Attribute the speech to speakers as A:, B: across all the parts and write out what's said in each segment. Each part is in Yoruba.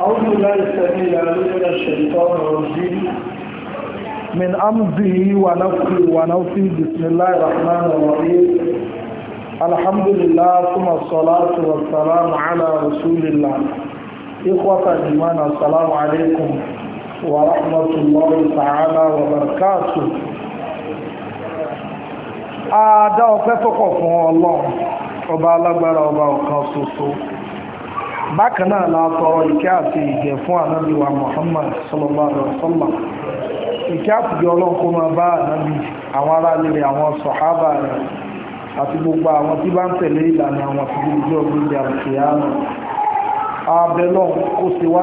A: أعوذ بالله السميع العليم من الشيطان الرجيم من أمزه ونفخه ونفخه بسم الله الرحمن الرحيم الحمد لله ثم الصلاة والسلام على رسول الله إخوة الإيمان السلام عليكم ورحمة الله تعالى وبركاته Adá ọpẹ́ tó kọ̀ fún Ọlọ́run, ọba alágbára ọba ọ̀kan ṣoṣo. bákan náà la tọrọ ìkẹ́ àti ìgẹ̀ fún ànábì wa Muhammad sallallahu alaihi wasallam ìkẹ́ àtijọ́ ọlọ́nkó máa bá ànábì àwọn ará lílẹ̀ àwọn sọ̀hábà rẹ̀ àti gbogbo àwọn tí bá ń tẹ̀lé ìlànà àwọn tí gbogbo ọdún ìdí àti àmì abẹ́lọ́ ó wá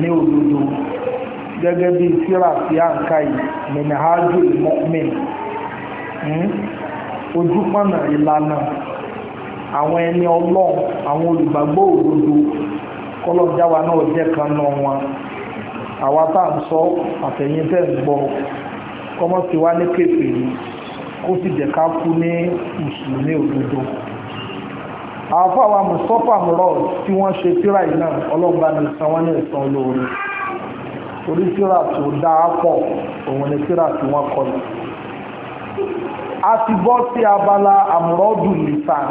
A: ní òdodo gẹ́gẹ́ bí àǹkà yìí hmm? ìlànà àwọn ẹni ọlọ́run àwọn olùgbàgbọ́ òdodo kọlọ́jáwa náà jẹ́ kan náà wọn àwa tá à ń sọ àtẹ̀yìn tẹ́ ń gbọ́ kọ́mọ́ sí wá ní kéfì yìí kó sì jẹ́ ká kú ní mùsùlùmí òdodo àwọn àwọn mùsọ́fà mùrọ̀ tí wọ́n ṣe tíra yìí náà ọlọ́gbà ní san wọ́n ní ẹ̀san olóore torí tíra tó dáa pọ̀ òun ni tíra tí wọ́n kọ lọ a ti bọ́ sí abala àmúrọ́dù nìsàn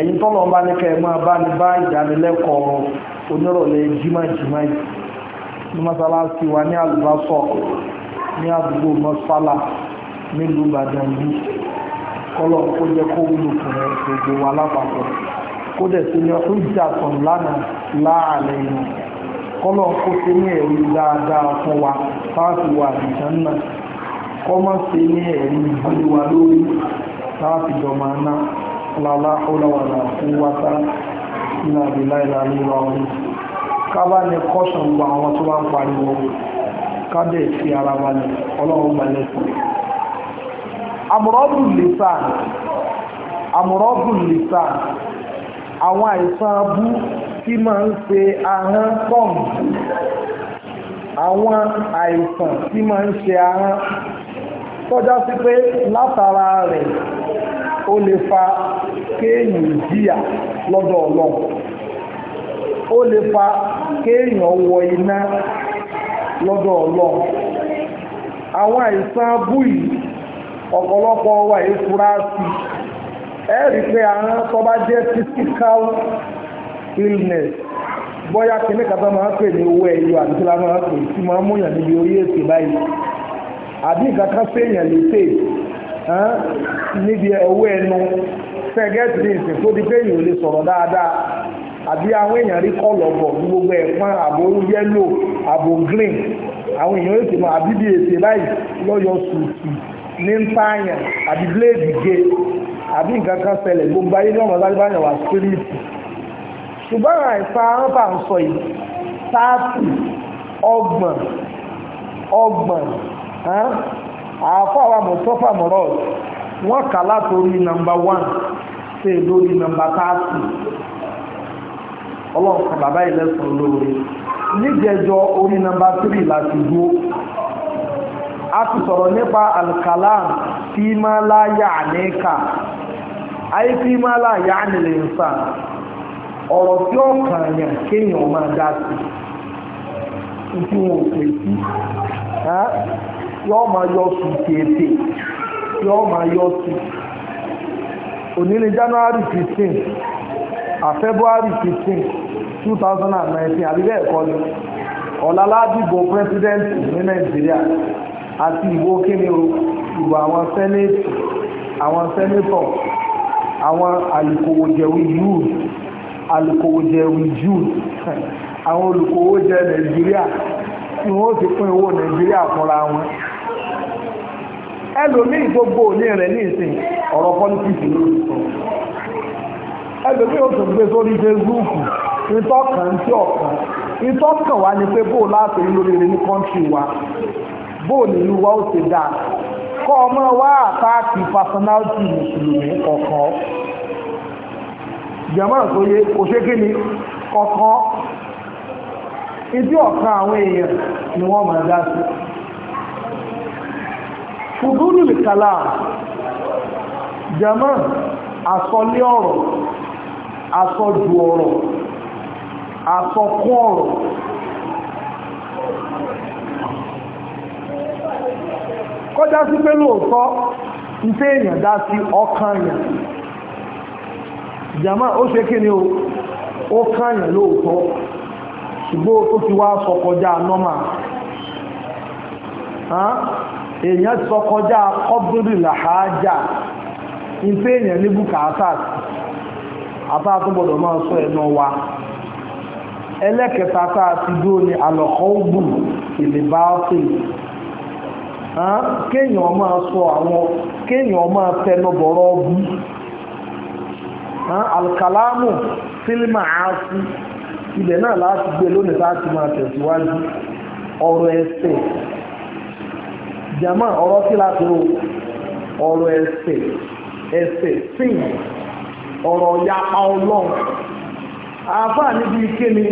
A: ẹ̀yin tọ́lọ̀ ọba ní kẹ́ ẹ máa bá ní bá ìdánilẹ́kọ̀ọ́ onírọ̀lẹ́ jímọ̀jímọ̀ yìí ní mọ́sálásí wa ní àlùbásọ̀ ní àdúgbò mọ́sálà nílùú Ìbàdàn yìí kọ́lọ̀ kó jẹ́ kó wúlò wa lápapọ̀ kó dẹ̀ sí ní ọdún ìjà sọ̀rọ̀ lánàá yìí kọ́lọ̀ kó sí ní ẹ̀rí dáadáa fún wa wa náà kọ́mọ̀ sí ní ẹ̀rí wa lórí náà. lálá ọlọ́wàlá fún ní àbílá ìlànà ìwà ọ̀run ní kọ́sàn gba àwọn tó bá ń pariwo ká dẹ̀ fi ara balẹ̀ ọlọ́run balẹ̀ àmúrọ́dùn lìsà àmúrọ́dùn lìsà àwọn àìsàn abú tí máa ń ṣe ahọ́n àwọn àìsàn tí máa ń ṣe ahọ́n tọ́já sí ó lè fa kéèyàn jìyà lọ́dọ̀ ọlọ́run ó lè fa kéèyàn wọ iná lọ́dọ̀ ọlọ́run àwọn àìsàn abú yìí ọ̀pọ̀lọpọ̀ wa ìfura ẹ rí pé àwọn tó bá jẹ́ physical illness bóyá kìíní kàtà máa ń pè ní owó ẹ̀yọ àti tí la máa ń pè tí máa ń múyàn níbi orí èsì báyìí àbí nǹkan níbi owó ẹnu sẹ́gẹ́tì ní tó di pé èèyàn ò lè sọ̀rọ̀ dáadáa àbí àwọn èèyàn rí kọ́lọ̀ bọ̀ gbogbo ẹ̀pọ́n àbò yẹ́lò àbò green àwọn èèyàn ti mọ̀ àbí bí ètè báyìí lọ́yọ̀ sùtù ní àbí bíléèdì gé àbí nǹkan kan ṣẹlẹ̀ gbogbo ayé ní ọ̀nà spiriti ṣùgbọ́n ń sọ àáfà wa mọ̀tọ́fà mọ̀rọ̀ wọ́n kà látòrí nàmbà wán sí lórí nàmbà táàtì ọlọ́run kan bàbá ìlẹ́sùn lóore níjẹjọ orí nàmbà tírì láti dúó a ti sọ̀rọ̀ nípa alkalam fímálà yàníkà ayé fímálà yànílẹ̀ nsà ọ̀rọ̀ tí ó kàn kéèyàn máa dá sí i tí wọn yóò máa yọ sùn tètè yóò máa yọ sùn òní ni January fifteen à February fifteen two thousand and nineteen àbí bẹ́ẹ̀ kọ́ ni ọ̀la ládìbò president ní Nàìjíríà àti ìwó kíni o ìbò àwọn sẹ́nẹ́tì àwọn sẹ́nẹ́tọ̀ àwọn alùkòwòjẹ̀wì yúù alùkòwòjẹ̀wì júù àwọn olùkòwòjẹ̀ Nàìjíríà tí wọ́n ti pín owó Nàìjíríà fúnra wọn ẹlòmíì gbogbo òní rẹ̀ ní ìsìn ọ̀rọ̀ pọ́lítíìsì ló ń sọ ẹlòmíì ó tún gbé sórí Facebook ìtọ́kàn tí ọ̀kan ìtọ́kàn wa ni pé bóò láti rí lórí rẹ̀ ní kọ́ńtì wa bóò nílùú wa ó ti dáa kọ́ ọmọ wa àtàkì personality mùsùlùmí kọ̀ọ̀kan jẹ̀mọ́ tó yẹ kò ṣe kí ni kọ̀ọ̀kan ìdí ọ̀kan àwọn èèyàn ni wọ́n máa dá sí fùdúrùlì kala a, àsọlé ọ̀rọ̀ àsọjù ọrọ àsọkún ọ̀rọ̀ kọjá sí pé lóòótọ́ ń èèyàn dá sí ọkàn yẹn jẹ́mọ́ ó ṣe kí ni o ó kààyàn lóòótọ́ ṣùgbọ́n ó ti wá sọ kọjá èèyàn sọ kọjá kọ́bírì làhájà ìpé èèyàn ní bùkátà àtàtò gbọdọ máa sọ ẹnu wa ẹlẹ́kẹta tá a dúró ní àlọ́kọ́ ògùn ìlébáàtì kéèyàn máa sọ àwọn kéèyàn máa tẹnu bọ̀rọ̀ ọbú alkalamu náà láti gbé lónìí láti máa jama ọ̀rọ̀ sí láti ro ọ̀rọ̀ ẹ̀sẹ̀ ẹ̀sẹ̀ sin ọ̀rọ̀ yapa ọlọ́run àáfàá níbi ìkéni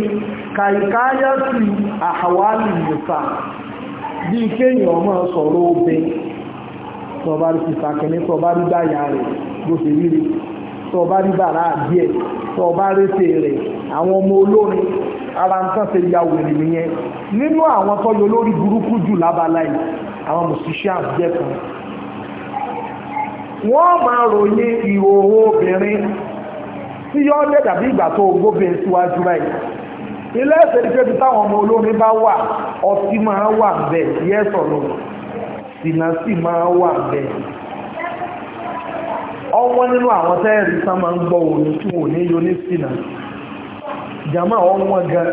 A: kàìkáyà sí àhàwálì ìgbèsà bí ìkéyìn ọmọ sọ̀rọ̀ obìnrin tọba rí ti sàkẹ́ni tọba rí báyà rẹ̀ bó ṣe rí rí tọba rí bàrá díẹ̀ tọba rí ṣe àwọn ọmọ olórin ara ń ṣe ya wèrè nìyẹn nínú àwọn tọ́jú olórí burúkú jù lábala yìí àwọn musicians jẹ́ wọ́n máa ròyìn ìhòòhò obìnrin tí yọ́ dẹ̀ dàbí ìgbà tó gbóbin síwájú báyìí ilé ẹ̀sẹ̀ ìfẹ́ ti táwọn ọmọ olórin bá wà ọtí máa wà bẹ̀ wa lọ sínà sí máa wà bẹ̀ ọwọ́ nínú àwọn tẹ́ẹ̀rí sá máa ń gbọ́ òní tí wò ní yóò ní sínà jàmá ọwọ́ gan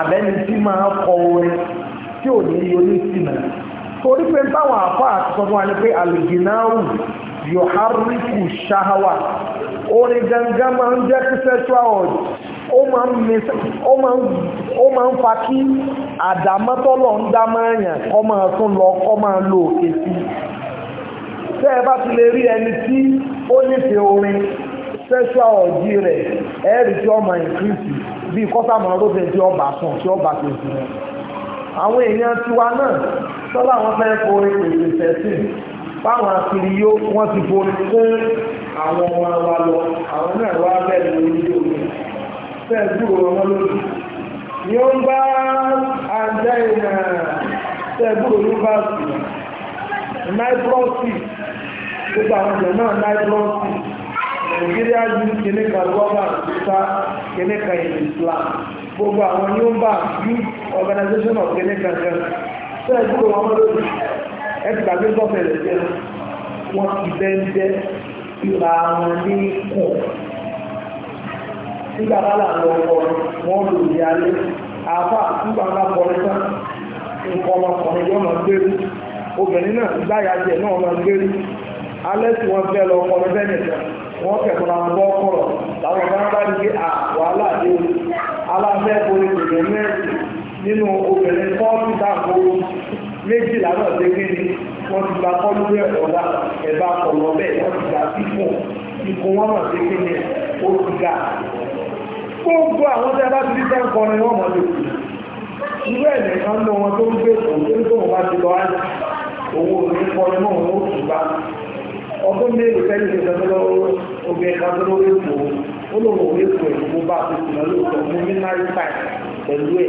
A: àbẹ́ni tí máa kọ orin tí ò ní yọ ní sínú torí pé táwọn àpá àti fún wa ni pé àlùgìnáàrù yòhárìkù ṣáháwà orin gangan máa ń jẹ́ kí sexual urge ó máa ń fa kí àdámọ́tọ́lọ̀ ń dá máa yàn kọ́ máa tún lọ kọ́ lo òkè sí lè rí ẹni tí bí kọ́sàmọ̀ ọlọ́dẹ tí ọba sùn tí ọba ti sùn rẹ̀ àwọn èèyàn tiwa náà sọ́lá àwọn fẹ́ forí pèsè sẹ́sìn fáwọn akiri yó wọ́n ti forí fún àwọn ọmọ wa lọ àwọn náà wá bẹ́ẹ̀ lórí omi fẹ́ẹ̀ dúró wọn lójú yóò ń bá àjẹ́ ìnà tẹ́gbúrò ní bá sí náírọ́sì gbogbo àwọn ọ̀dọ̀ náà náírọ́sì nàìjíríà ní kíní kan government sá kíní kan islam gbogbo àwọn new bank youth organization of kíní kan kan sẹ́ẹ̀ gbogbo wọn lórí ẹ ti gbàgbé gọ́ọ̀mẹ̀lẹ̀ jẹ́ wọn ti bẹ́ńbẹ́ ìlà wọn ní kùn nígbà bá là ń lọ ọkọ wọn lò ní alẹ́ àáfà nígbà bá kọrin tán nǹkan ọmọkùnrin yóò máa gbèrú obìnrin náà gbáyà jẹ náà máa gbèrú alẹ́ tí wọ́n fẹ́ lọ ọkọ lọ́fẹ́ nìkan wọ́n kẹ̀kọ́ náà bọ́ kọ̀rọ̀ láwọn ọ̀gá bá ní à wàhálà dé aláfẹ́ orí ìgbẹ̀ mẹ́rin nínú obìnrin fọ́ọ̀tù dáàbòrò méjìlá náà dé gbé ni wọ́n ti gba kọ́lú rẹ̀ ọ̀dà ẹ̀bá kọ̀lọ́ bẹ́ẹ̀ wọ́n ti gba fífò ikùn wọn náà dé gbé ni ó ti ga gbogbo àwọn tí a bá ti rí tẹ́ ń kọrin wọ́n mọ̀ lè kù irú ẹ̀ nìkan lọ wọn tó ń gbé òun tó ń bá ti lọ àyè ọdún mélòó fẹ́lú ìṣẹ̀lẹ̀ lọ́wọ́ omi ẹ̀ka tó lórí èkó ó lóun òwe èkó ẹ̀ mo bá fi sùn lóòótọ́ mo ní náírà táì pẹ̀lú ẹ̀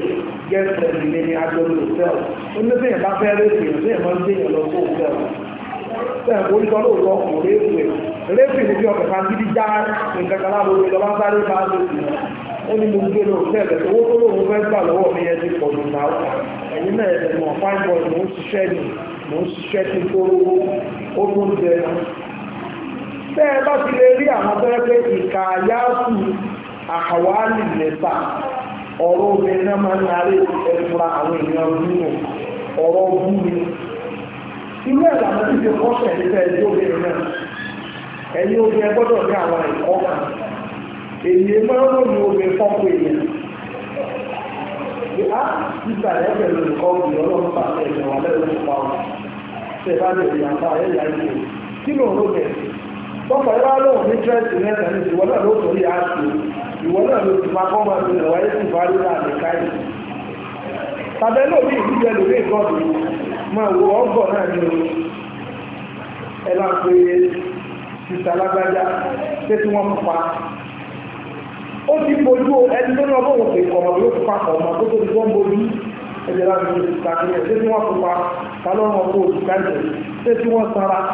A: gẹ́sẹ̀ ìlé ní agbẹ́lú òtẹ́ọ̀ ó ní bẹ́ẹ̀ bá fẹ́ rẹ́pì bẹ́ẹ̀ máa ń gbé yẹn lọ sí òtẹ́ọ̀ bẹ́ẹ̀ mo ní sọ lóòótọ́ kò rẹ́pì rẹ́pì ni bí ọkọ̀ kan gidi já nǹkan kan láàbò mi lọ́wọ́ sáré máa ń lò sí ó ní mo gbé lọ sí ẹ̀bẹ̀ owó tó lóun fẹ́ gbà lọ́wọ́ mi yẹn ti pọ̀ jù náà ẹ̀yin náà ẹ̀sẹ̀ mọ̀ fáìbọ̀ mò ń ṣiṣẹ́ ni mò ń ṣiṣẹ́ tí tó ó tó ń jẹ tẹ́ ẹ bá ti lè rí àwọn tẹ́lẹ̀ pé ìka yáàtù àkàwálì lẹ́sà ọ̀rọ̀ obìnrin náà máa ń narí ẹ̀fura àwọn èèyàn nínú ọ̀rọ̀ ọdún mi irú ẹ̀ làwọn ti kọ́ sẹ̀ nípa ẹ̀jẹ̀ obìnrin náà ẹ̀yin obìnrin gbọ́dọ̀ ní àwọn ẹ̀kọ́ kan èyí máa ń ròyìn fọ́pọ̀ èèyàn pẹ̀lú bọ́pọ̀ ẹ bá lóhùn ní tírẹ́sì mẹ́ta ní ìwọ náà ló sọ yìí àti ìwọ náà ló ti máa kọ́mọ àti ìrẹ̀wá yìí sì bá rí náà nìka yìí tàbí ẹlòmí ìdíje lórí ìkọ́dù máa wo ọgbọ̀ náà ní o ẹ náà pé sísá lágbájá pé tí wọ́n pa ó ti bojú ẹni tó ní ọgbọ́n òkè kọ̀ọ̀mọ̀ ló ti pa kọ̀ọ̀mọ̀ tó tó ti bojú ẹ̀jẹ̀ láti ṣe ìtàkùn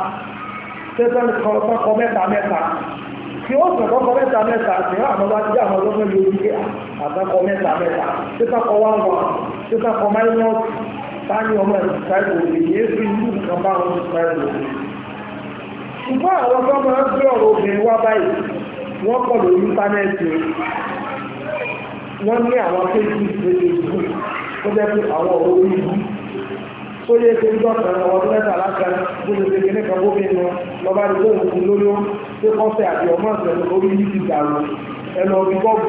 A: tẹ́tàn kọ mẹ́ta mẹ́ta tí ó sọ̀kọ́ kọ mẹ́ta mẹ́ta tí wọ́n àmọ́ bá àwọn ọlọ́gbọ́n lè orí àtàkọ mẹ́ta mẹ́ta tẹ́tàn wá wà tẹ́tàn kọ máínọ́ọ̀sì sáyẹn ọmọ ẹ̀ ìlú nǹkan bá wọn ṣe kíní kan bó fi nu lọ́ba ní bóun fún lórí pé kọ́sẹ̀ àti ọmọ ìṣẹ̀lẹ̀ orí yìí ti dàrú ẹnu ọdún bọ́ọ̀bù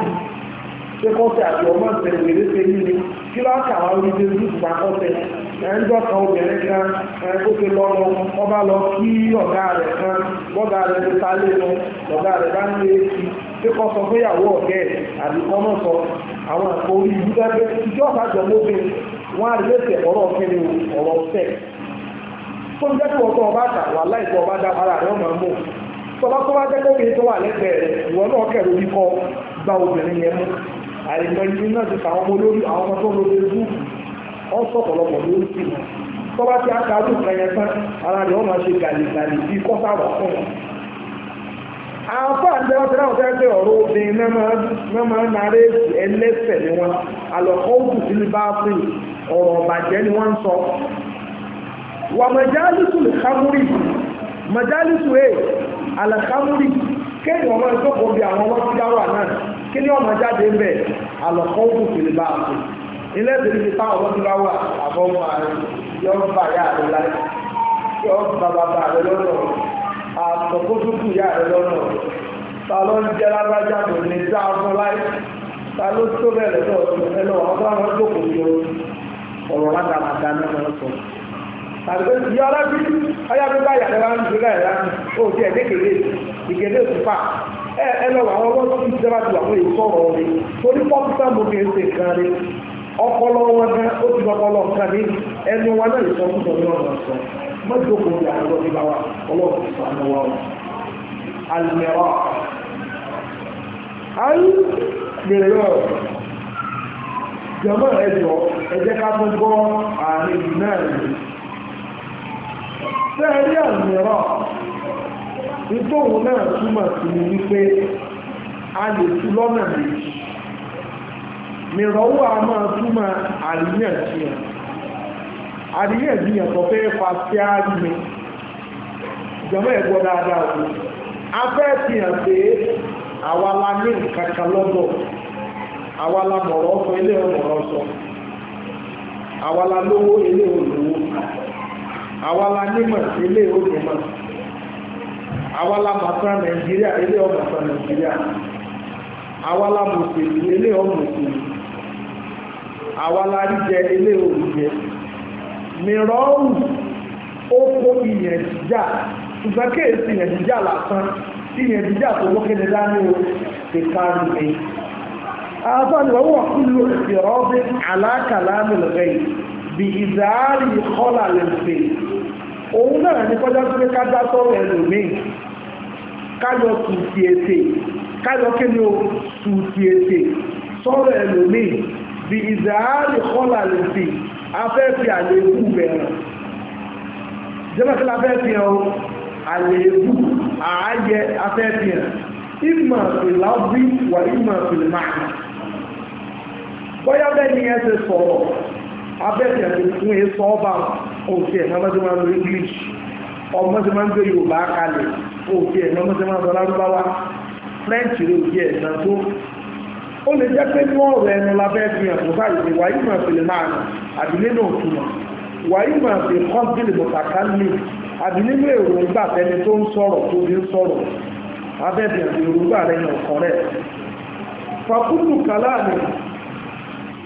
A: pé kọ́sẹ̀ àti ọmọ ìṣẹ̀lẹ̀ wèrè ṣe yìí ni kí ló kà wá orí ṣe ní ìgbà kọ́sẹ̀ ẹ̀ńdọ́ kan obìnrin kan ó ti lọ lọ ọba lọ kí ọ̀gá rẹ̀ kan bọ́gà rẹ̀ ti ta lé nu ọ̀gá rẹ̀ bá ní èsì pé kọ́ sọ fún ìyàwó ọ̀gẹ́ àbí kọ́ náà sọ àwọn àpò orí ìdúgbàgbé ìjọba àjọmọ́bìn wọn àrílẹ̀sẹ̀ ọ̀rọ̀ ọ̀kẹ́ni ọ̀rọ̀ sẹ́ẹ̀ tó ń jẹ́kọ̀ọ́ tó ọba àtà wà láìpọ̀ ọba dá ara rẹ̀ ọmọ mú tọba tó wá jẹ́kọ̀ọ́ mi tó wà lẹ́gbẹ̀ẹ́ rẹ̀ ìwọ náà kẹ̀rù wíkọ gba obìnrin yẹn mú àìmọ̀ ìlú náà ti fàwọn ọmọ olórí àwọn ọmọ tó ń lo ojú ọ sọ̀pọ̀lọpọ̀ lórí sí wọn tọba tí a ka lù kẹyẹ tán ara rẹ̀ ọmọ ṣe gàlìgàlì bí kọ́sà wà fún wọn. àǹfààní jẹ́ wọ́n ti dáhùn sẹ́yìn pé ọ̀rọ̀ obìnrin náà máa ń narí ẹlẹ́sẹ̀ ni wọn àlọ́kọ́ òkú ní bá a fún ọ̀rọ̀ ọ̀bàjẹ́ ni wọ́n ń sọ wà màjálùsù lẹ́kàmúrì màjálùsù ẹ̀ eh, àlẹ́kàmúrì kéèyàn ọmọ ìjọpọ̀ bí àwọn ọmọ sígáwà náà kí ni ọmọ jáde ń bẹ̀ àlọ́kọ́ òkú fìlì bá a fún ilé ìdílé ti fáwọn ọmọ sígáwà àbọ̀mọ ààrẹ yọ bá yá rẹ láyé yọ bá bàbá rẹ lọ́nà àtọ̀kọ́sókù yá rẹ lọ́nà ta ló ń jẹ́ lágbájá kò ní sá fún láyé ta ló tó bẹ̀rẹ̀ lọ́wọ́ ẹlọ́wọ́ àwọn ọmọ jókòó yọ ọ̀rọ̀ látàmàdá náà sọ. tàbí ìyá ọlọ́bí ọyá bí ń gbé láyà láti ó ti ẹ̀dẹ́ kèlé ìkèlé ẹ lọ àwọn ọlọ́dún tó ti dábàá ti wà fún èyí rẹ torí pọ́ńtà mo fi ń nǹkan rẹ ọpọlọ wọn gan ó ti nǹkan ẹnu wọn náà fún ọdún ọdún ọsọ ní sọ wọn. lọ jọmọ ẹjọ ẹjẹ ká náà sẹ́ẹ̀rí àmìràn nítòhun náà túmọ̀ sí ni wípé a lè tú lọ́nà méjì mìrànwọ́ a máa túmọ̀ àríyànjiyàn àríyànjiyàn tó fẹ́ fa sí àárín ìjọba ẹ̀gbọ́n dáadáa o a fẹ́ fi hàn pé la ní kaka lọ́dọ̀ àwa la mọ̀rọ̀ ọkọ̀ ilé ọ̀rọ̀ sọ àwa la lówó ilé àwa la nímọ̀ ilé onímọ̀ àwa la màtá nàìjíríà ilé ọmọọta nàìjíríà àwa la mùsùlùmí ilé ọmọọsùlùmí àwa la rí jẹ ilé òrùjẹ mìíràn ó kó ìyẹn jíjà ṣùgbọ́n kéèsì ìyẹn jíjà lásán ìyẹn jíjà tó wọ́kẹ́ni dání o ti kárí mi àfáàní wọ́n wọ́n kú lò ìrọ́bí alákàlámìlì rẹ̀ bí ìzáàrí kọ́là lè fèé òun náà ní kọjá tó pé ká dá sọ́rọ̀ ẹlòmíì káyọ tùtì ètè káyọ kí ni o tùtì ètè sọ́rọ̀ ẹlòmíì bí ìzàárì kọ́là lè fi afẹ́fẹ́ àléébù bẹ̀rẹ̀ jẹ́mọ̀tí la fẹ́ fi hàn o àléébù ààyẹ afẹ́fẹ́ hàn ìmọ̀ ìlàbí wà ìmọ̀ ìlmáà bọ́yá bẹ́ẹ̀ ni ẹ abẹ́ẹ̀tẹ̀ tó fún ẹ sọ ọ́bà òkè ẹ̀ mọ́mọ́sí máa ń lo English ọmọdé máa ń gbé Yorùbá kalẹ̀ òkè ẹ̀ mọ́mọ́sí máa ń sọ lárúbáwá French rẹ̀ òkè ẹ̀ náà tó ó lè jẹ́ pé ní ọ̀rọ̀ ẹnu labẹ́ fi hàn fún báyìí wàyí máa fi lè máa nà àdílé náà túmọ̀ wàyí máa fi kọ́ńtìlì mọ̀tàkà lè àdílé ní èròǹgbà tẹni tó ń sọ̀rọ̀ tó ń sọ̀rọ̀ abẹ́ẹ̀fì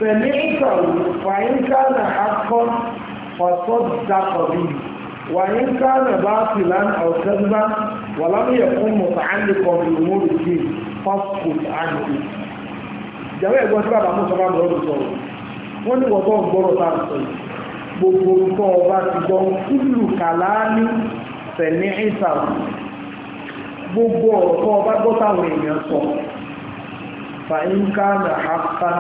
A: سمعته وإن كان حقا فصدق به وإن كان باطلا أو كذبا ولم يكن متعلقا بأمور الدين فاسكت عنه jẹ́wọ́ ẹ̀gbọ́n tí bàbá mọ́sọ́lá lọ́rọ̀ sọ̀rọ̀ wọ́n ní wọ́n tó ń gbọ́rọ̀ tá à ń sọ yìí gbogbo nǹkan ọba ti gbọ́ kúlù kàláàní tẹ̀lé ìsàlù gbogbo ọ̀rọ̀ tó ọba gbọ́ táwọn èèyàn sọ fàyínká nà áfà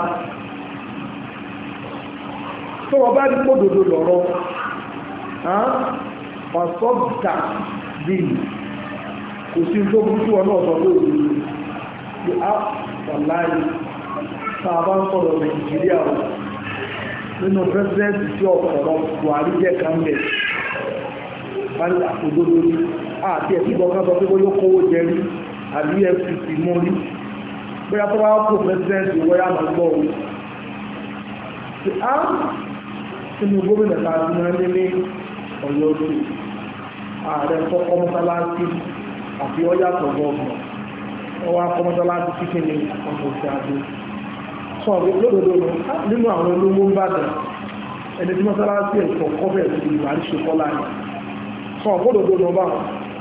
A: tó wọ́n bá rí kódòdó lọ́rọ́ ọ̀sọ́gbà bíi kò sí tó burú tí wọn náà sọ pé òdodo ti á wàláyé tá a bá ń sọ̀rọ̀ nàìjíríà o nínú pẹ́sidẹ́ǹtì tí ọ̀pọ̀lọpọ̀ buhari jẹ́ kánbẹ̀ wọ́n ní àkójọ́dọ́ ní àti ẹ̀sìn gbọ́ngàn sọ pé wọ́n yóò kówó jẹ rí àbí fcc mú rí bóyá tó bá kó pẹ́sidẹ́ǹtì wọ́yà máa gbọ́ o ti á sínú gómìnà láti máa lélé ọ̀yọ́ sí ààrẹ kọ́kọ́ mọ́sálásí àti ọjà tọ̀gbọ́ ọ̀gbọ̀n ọwọ́ akọ́mọ́sálásí kíkẹ́ ní ọ̀pọ̀ òsì àdó sọ lódodo nínú àwọn olówó ń bàdàn ẹni tí mọ́sálásí ẹ̀kọ́ kọ́fẹ̀ sí ìwà ń ṣe kọ́lá ni sọ lódodo nù bá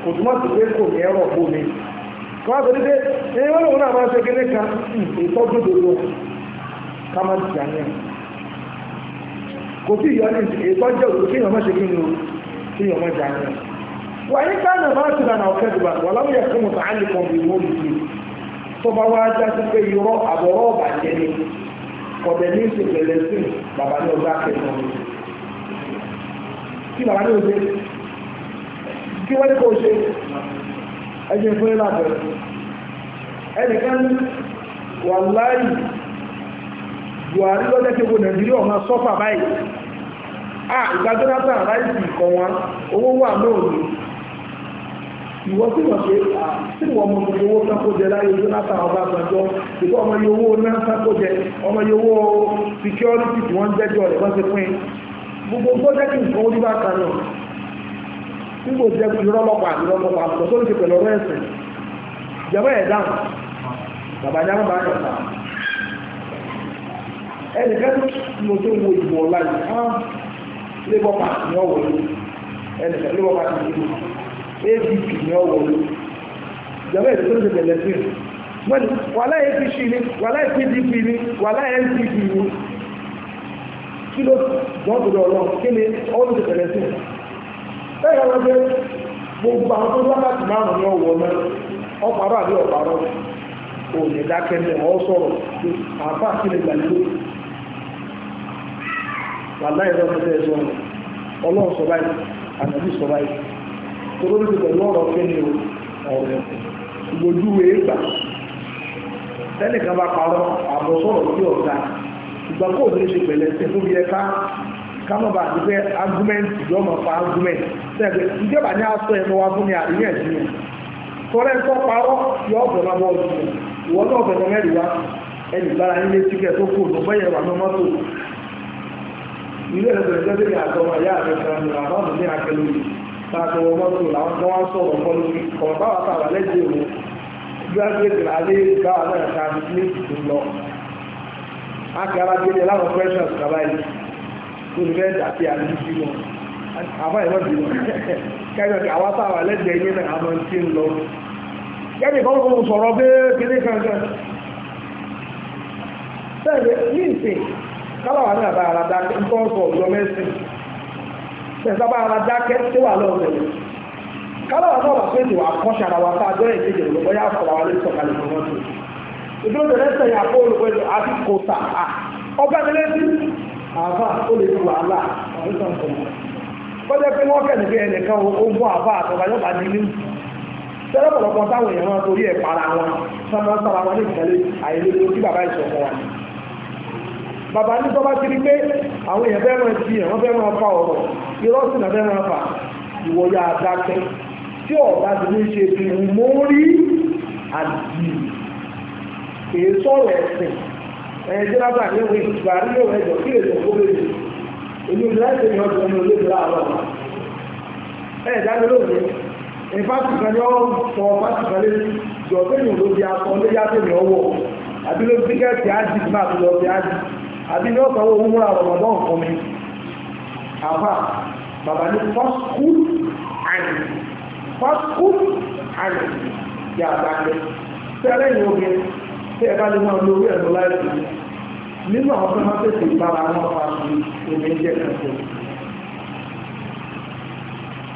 A: kò túmọ̀ sí pé kò ní ẹ̀rọ bó mi wọ́n á sọ wípé ẹni wọ́n lòun náà máa ṣe kéde kan hmm, ìtọ́jú dodo ká má ti jà ní ẹ̀ kò sí ìyọlé ètò jẹ́ òdò kí ìyọ̀mọ́ ṣe kí ni o kí ìyọ̀mọ́ jẹ́ àyàn wà ní káàmì bá ti ràn ọ̀kẹ́ dùbà wà láwùyẹ kí mo tàn án lè kàn bí wọ́n lùdí tó bá wá já sí pé irọ́ àbọ̀rọ̀ ọ̀bàjẹ́ ni kọ̀dẹ̀ ní ìṣe pẹ̀lẹ́ sí bàbá ní ọgbà kẹsàn-án kí bàbá ní òde kí wọ́n ní kó ṣe ẹ̀jẹ̀ fún ilé àbẹ̀rẹ̀ ẹnìkan wà láyìí Buhari lọ́jẹ́ kí gbogbo Nàìjíríà ọmọ sọ́fà báyìí ah ìgbà Jonathan ráìsì kan wọn owó wà náà ní ìwọ sí wọn pé tí ìwọ ọmọ mi owó sáko jẹ láyé Jonathan Ọbásanjọ́ ìwọ ọmọ yìí owó náà sáko jẹ ọmọ yìí owó security tí wọ́n jẹ́jọ́ rẹ̀ wọ́n ti pín gbogbo gbọ́jẹ́ kí nǹkan ó rí bá kan náà nígbò jẹ́ ìrọ́lọ́pàá ìrọ́lọ́pàá àtúntò tó ń ṣe pẹ̀lú ọ̀rọ̀ ẹ̀sìn ìjọba ẹ̀ dáhùn bàbá jáwọ́ bá yọ̀ sáà ẹnìkan tó mo tó ah, labour party ni ọ̀wọ̀ ló ẹnìkan labour party ni APC ni ọ̀wọ̀ ló ni PDP ni wàhálà ni kí ló wọ́n tó kí ni ọ̀hún ti tẹ̀lé sí i bẹ́ẹ̀ yàrá gbogbo àwọn tó wákàtí márùn-ún ni àbá àbí òní dákẹ́ ní ọ̀ wà láìrẹ́ ọmọdé ẹ̀sọ́ ọlọ́run sọ báyìí ànàbí sọ báyìí tó lórí ti pẹ̀lú ọ̀rọ̀ pé ní ọ̀rọ̀ ìgbójú wèé gbà tẹ́nìkan bá parọ́ àbọ̀ sọ̀rọ̀ sí ọ̀gá ìgbà kó ní ṣe pẹ̀lẹ́ ṣe fún yẹ ká kámọ́ bá ti fẹ́ argument fa argument ní aṣọ fún àríyànjiyàn ń ilé ẹ̀rọ ìjọba ìyá àtọmọ ìyá àti ìsàmì àbámu ní àkẹlẹ òní láti wọn mọ́tò làwọn kan wá sọ̀rọ̀ kọ́ lórí ọ̀rọ̀ báwa tá a wà lẹ́jẹ̀ òun gíráfíìtì alẹ́ báwa náà ká ní ìtùtù lọ. a kì í ara gbé ní láwọn questions kaba yìí tó ní bẹ́ẹ̀ àti àdúgbò wọn àbá ìwọ́n ti wọn kẹ́yọ̀ kí àwa a wà lẹ́jẹ̀ yín náà àmọ́ ti ń lọ. kẹ́mi kan kò sọ̀rọ̀ bẹ́ẹ̀ kéde kankan. bẹ́ẹ̀ ni ní káláwà ní àbá ara dákẹ́ nǹkan sọ ọ̀dọ́ mẹ́sìn tẹ̀sábà ara dákẹ́ tí wà lọ́wọ́ tẹ̀lé káláwà náà wà pé ìwà àkọ́ṣe ara wa sáájọ́ ẹ̀ kéde olùkọ́ yá sọ̀rọ̀ wa lè sọ̀kalẹ̀ fún wọn tó ìdúró tẹ̀lé sẹ̀yìn àpò olùkọ́ ètò àti kòtà ọgbà mi létí àbá ó lè fi wàhálà ọ̀rẹ́sàn kan kọjá pé wọ́n kẹ́ni bí ẹnìkan ó ń bọ́ àbá àtọ́gbà yóò bá nílé tẹ́lẹ̀ pọ̀lọpọ̀ táwọn èèyàn máa torí ẹ̀ para wọn sábà sábà wọn ní ìtẹ́lẹ̀ àìlè tí bàbá ìṣọ̀kan wà bàbá ní tọ́ bá ti rí pé àwọn èèyàn fẹ́ máa ti yàn wọ́n fẹ́ máa fa ọ̀rọ̀ irọ́ sì náà fẹ́ máa fà ìwọ ya dákẹ́ tí ọ̀gá ti ní ṣe fi mórí àdì èé sọ̀rọ̀ ẹ̀sìn ẹ̀yìn jẹ́lábà ní ìwé ìgbà rí ìwé ẹ̀jọ̀ kí èdè kó lè lè èmi ò láì tẹ̀lé ọjọ́ ní olóògbé láàárọ̀ ẹ̀ dáná lóògbé ìfásitì kan ní ọwọ́ sọ fásitì kan lé jọ̀ọ́ pé ní olóògbé akọ lé yá tẹ̀lé ọwọ́ àbí ló ti kẹ́ẹ̀tì ájì máa tó lọ sí ájì àbí ní ọ̀sán owó múra rọ̀mọ̀dọ́ nǹkan mi àfà bàbá ní fọ́skú àní fọ́skú àní yà àgbàgbé tẹ́ ẹlẹ́yìn obìnrin tẹ́ ẹ bá lè máa lórí ẹ̀rọ láìpẹ́ nínú àwọn tó máa tètè bára wọn fa sí omi jẹ́ kẹsàn-án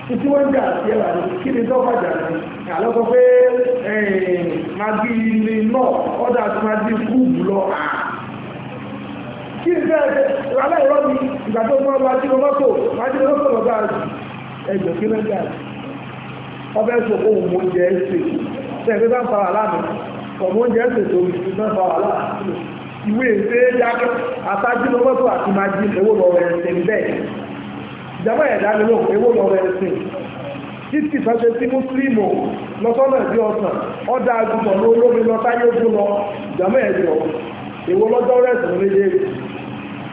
A: títí wọ́n jà sí ẹ̀rọ àti kí ni dọ́gba jà sí àlọ́kọ̀ pé magi ni náà ọ̀dà tí magi kú jùlọ àá. Ah kí ní bẹ́ẹ̀ aláìrọ́ mi ìgbà tó mọ́ wájú mọ́tò wájú mọ́tò lọ́gbà ẹjọ́ kí lẹ́gbà ọbẹ̀ sọ ohun mo jẹ́ ẹsẹ̀ tẹ̀lé bá ń fara láàmì ọmọ oúnjẹ ẹsẹ̀ tó ti bá ń fara láàmì ìwé ìfẹ́ yàgbẹ́ àtàjú mọ́tò àti máa jí ewó lọ rẹ̀ ẹsẹ̀ bẹ́ẹ̀ ìjàmbá ẹ̀dá ni ló ewó lọ rẹ̀ ẹsẹ̀ títí fẹsẹ̀ sí mùsùlùmù lọ́sọ́nà ìdí ọ̀sán ọ̀dà àgùntàn ló lómi lọ táyé ogun lọ ìjàmbá ẹ̀dá ìwọ lọ́jọ́ rẹ̀ sùn méjèèjì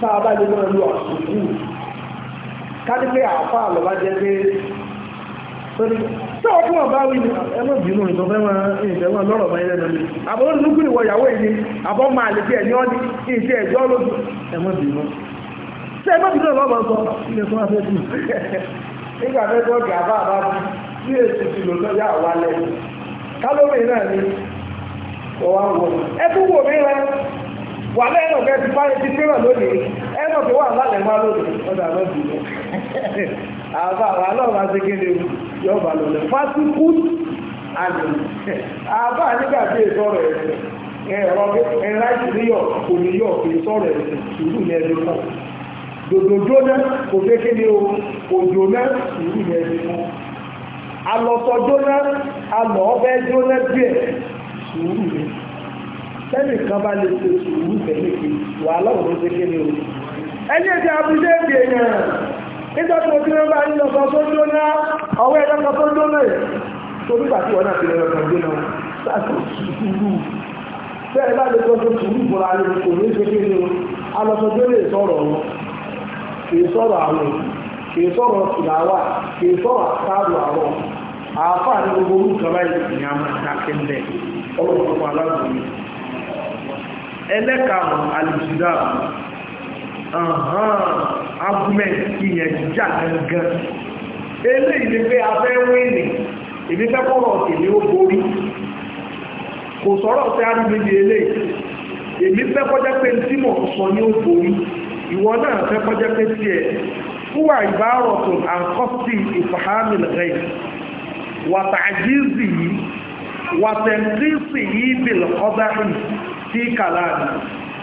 A: tá a bá lè máa lo àsìkò káni pé àfa àlọ́bá jẹ́ pé tí wọ́n fún ọba wí ìbínú ìtọ́ fẹ́ máa ń lọ́rọ̀ lẹ́nu ní ìyàwó yìí àbọ̀ máa lè fi ẹ̀yìn ọ́ni kí ẹ̀jọ́ lójú ìbínú tí ìbínú ọba sọ tó fẹ́ nígbà fẹ́ tó èsì ti lò wà lẹ́yìn ọ̀gá ti bá ti pé wà lónìí ẹ̀rọ tó wà lálẹ́ wá lónìí ọ̀dà lọ́dún rẹ̀ àbá wà lọ́wọ́ ṣe kéde yọ bà lọ́lẹ̀ fásitì àlè àbá nígbà tí èso rẹ̀ ẹ̀rọ ẹ̀rọ ìṣìlíyọ̀ kò ní yọ̀ kò sọ̀rọ̀ sùúrù ní ẹni kan dòdòdó náà kò fẹ́ kéde o òjò náà sùúrù ní ẹni kan alọ́sọ jóná alọ́ ọbẹ̀ díẹ̀ sùúrù ní ẹni sẹ́nì kan bá lè ṣe sùúrù tẹ̀lé kí wà lọ́wọ́ ló ní o ẹni èdè abúlé èdè èèyàn nígbà tó ti rẹ́ bá ń lọ sọ tó jóná ọwọ́ ẹ̀dá tó jóná yìí tó nígbà tí wọ́n náà ti ẹlẹ́kàrún alìsìdá argument ìyẹn jíjà gangan eléyìí ni pé afẹ́ wíìnì èmi fẹ́ kọ́rọ̀ tèmi ó borí kò sọ̀rọ̀ sí arúgbìnrin eléyìí èmi fẹ́ kọjá pé tí mò ń sọ ní ó borí ìwọ náà fẹ́ kọjá pé tiẹ̀ fúwà ìbárọ̀tún àǹkọ́sí ìfàhámìlì rẹ̀ wàtàjíìsì yìí wàtẹ̀ǹtíìsì yìí bìlì ọ̀dá yìí sí kàláàdì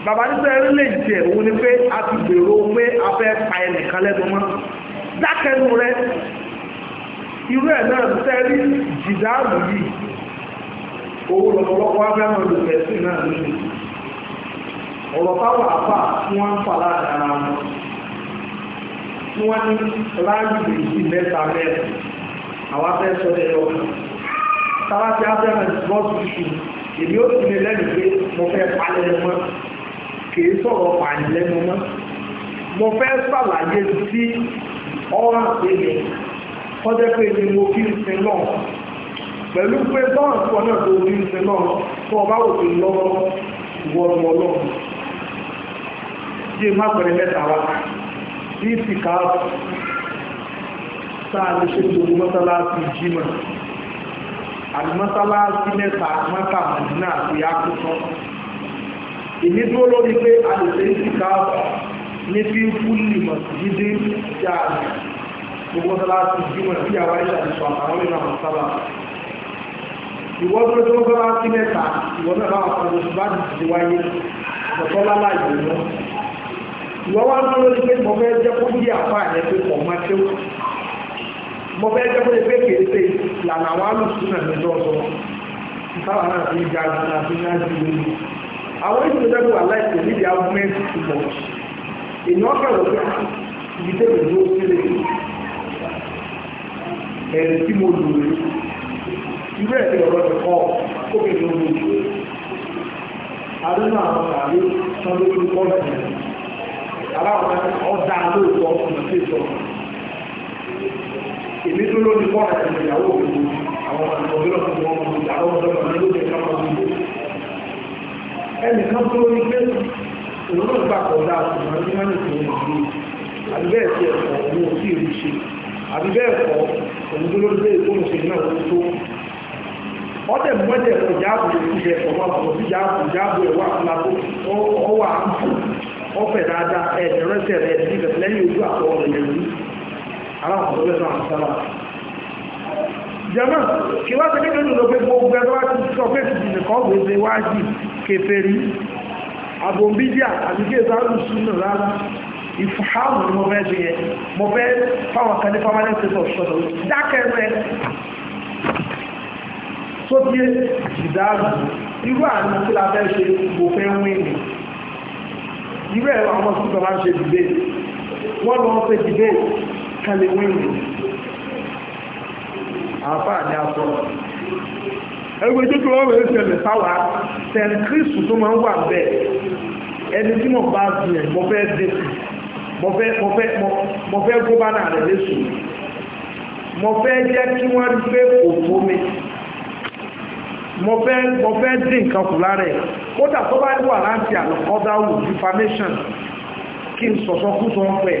A: bàbá nípa ẹrí lè jẹ òun ni pé a ti gbèrò pé a fẹ́ pa ẹnìkan lẹ́nu mọ́ dákẹ́nu rẹ irú ẹ̀ náà sẹ́rí jìdáàbù yìí owó lọ́pọ̀lọpọ̀ abẹ́mọ̀ lùfẹ́ sí náà lónìí ọ̀rọ̀ táwọn àpá tí wọ́n ń fà láàárín ara wọn tí wọ́n ní láàyè méjì mẹ́ta mẹ́rin àwọn afẹ́ sọ́dẹ̀ yọ̀ táwọn ti abẹ́mọ̀ bọ́ọ̀sì ṣùgbọ́n èmi ó sì lè lẹ́nu pé mo fẹ́ palẹ̀ mọ́ kìí sọ̀rọ̀ pààyàn lẹ́nu mọ́ mo fẹ́ sàlàyé sí ọ̀ràn pèlè kọjá pé ni mo fi ń sin náà pẹ̀lú pé bọ́ọ̀n kan náà tó fi ń sin náà tó ọba òfin lọ́wọ́ ìwọ ọmọ ọlọ́run jíì má pẹ̀lẹ́ mẹ́ta wa bí ìsìnká sáà lè ṣe gbogbo mọ́sálásí jímọ̀ àdìmọ́sálásí mẹ́ta mọ́ta mọ̀dínà àti akúsọ́ èmi dúró lórí pé a lè ṣe ìsìnká ní fi fúlì mọ̀sídé ìjà àmì gbogbo mọ́sálásí jímọ̀ sí àwa ìṣàdìsọ àtàwọn ìlànà mọ̀sálà ìwọ́n dúró tó mọ́sálásí mẹ́ta ìwọ́n náà bá wà fún oṣù bá ti ti wáyé ọ̀tọ́ lálá ìwọ́n ìwọ́n wá dúró lórí pé mo fẹ́ jẹ́ kó bí àpá àyẹ̀pẹ̀ pọ̀ mọ́ mo fẹ́ jẹ́ pé pé kìí ṣe ìlànà àwọn alùpùpù náà ní ọjọ́ ọ̀sọ́ ìtawà náà fi ga àti náà ti lóyún àwọn ìṣẹ̀lẹ̀ tó wà láìpẹ́ níbi argument pọ̀ èèyàn kẹwàá pé ah, ibi tẹ́lẹ̀ ló sílẹ̀ ẹ̀rì tí mo lò rí irú ẹ̀ tẹ́lẹ̀ ọ̀rọ̀ ti kọ́ kókè ló lò rí àdúrà àwọn àlè tán ló ló kọ́ sí aláwọ̀ ọ̀dà lóòótọ́ èmi tó ló ní bọ́ọ̀lù ẹ̀sìn ìyàwó òkú àwọn ọ̀dọ́gbọ́n tó wọ́n mú àwọn ọ̀dọ́gbọ́n ní lóde káwọn ọdún ẹnìkan tó ní pé òun náà gbà pọ̀ dáa tó máa ní máa ní ìpín ìlú àbí bẹ́ẹ̀ sí ẹ̀kọ́ òun ò sí ìlú ṣe àbí bẹ́ẹ̀ kọ́ òun tó ló dé ìkóhùn ṣe náà ó tó ọdẹ mọdẹ ẹ̀kọ́ jáàbù ìṣẹ ẹ̀kọ́ máa bọ̀ sí jáàbù jáàbù ẹwà àfúlàbó ọwà àmfù ọfẹ dáadáa ẹẹdẹrẹsẹ rẹ nígbà lẹ́yìn ojú àtọwọ rẹ lẹ́yìn jẹ́mọ́ kí wá sí kékeré ló pé gbogbo ẹgbẹ́ wá ti sọ pé ìsìn nìkan gbèsè wájì kèfèrí àbòmbídíà àti kí èso àrùsùn náà rárá ìfàhàmù ni mo fẹ́ ṣe yẹ mo fẹ́ fáwọn kan ní permanent state of shock dákẹ́rẹ́ tó bí ìdáàbò irú àmì tí la fẹ́ ṣe gbò fẹ́ wíìnì irú ẹ̀rọ àwọn sùgbọ́n máa ń ṣe dìbè wọ́n lọ́wọ́ fẹ́ dìbè kálí wíńdì àáfàá ni a sọ ẹgbẹ́ tó tó wọ́n ṣẹlẹ̀ sáwà tẹ̀n kírísù tó máa ń wà bẹ́ẹ̀ ẹni tí mo bá di ẹ̀ mo fẹ́ dé mo fẹ́ mo fẹ́ mo fẹ́ kó bá náà rẹ̀ léṣù mo fẹ́ jẹ́ kí wọ́n gbé òfò mi mo fẹ́ mo fẹ́ dín nǹkan kù lára ẹ̀ kódà tó bá wà láti àlọ́ ọ̀dà wù defamation kí n sọ̀sọ́ kú sọ ń pẹ̀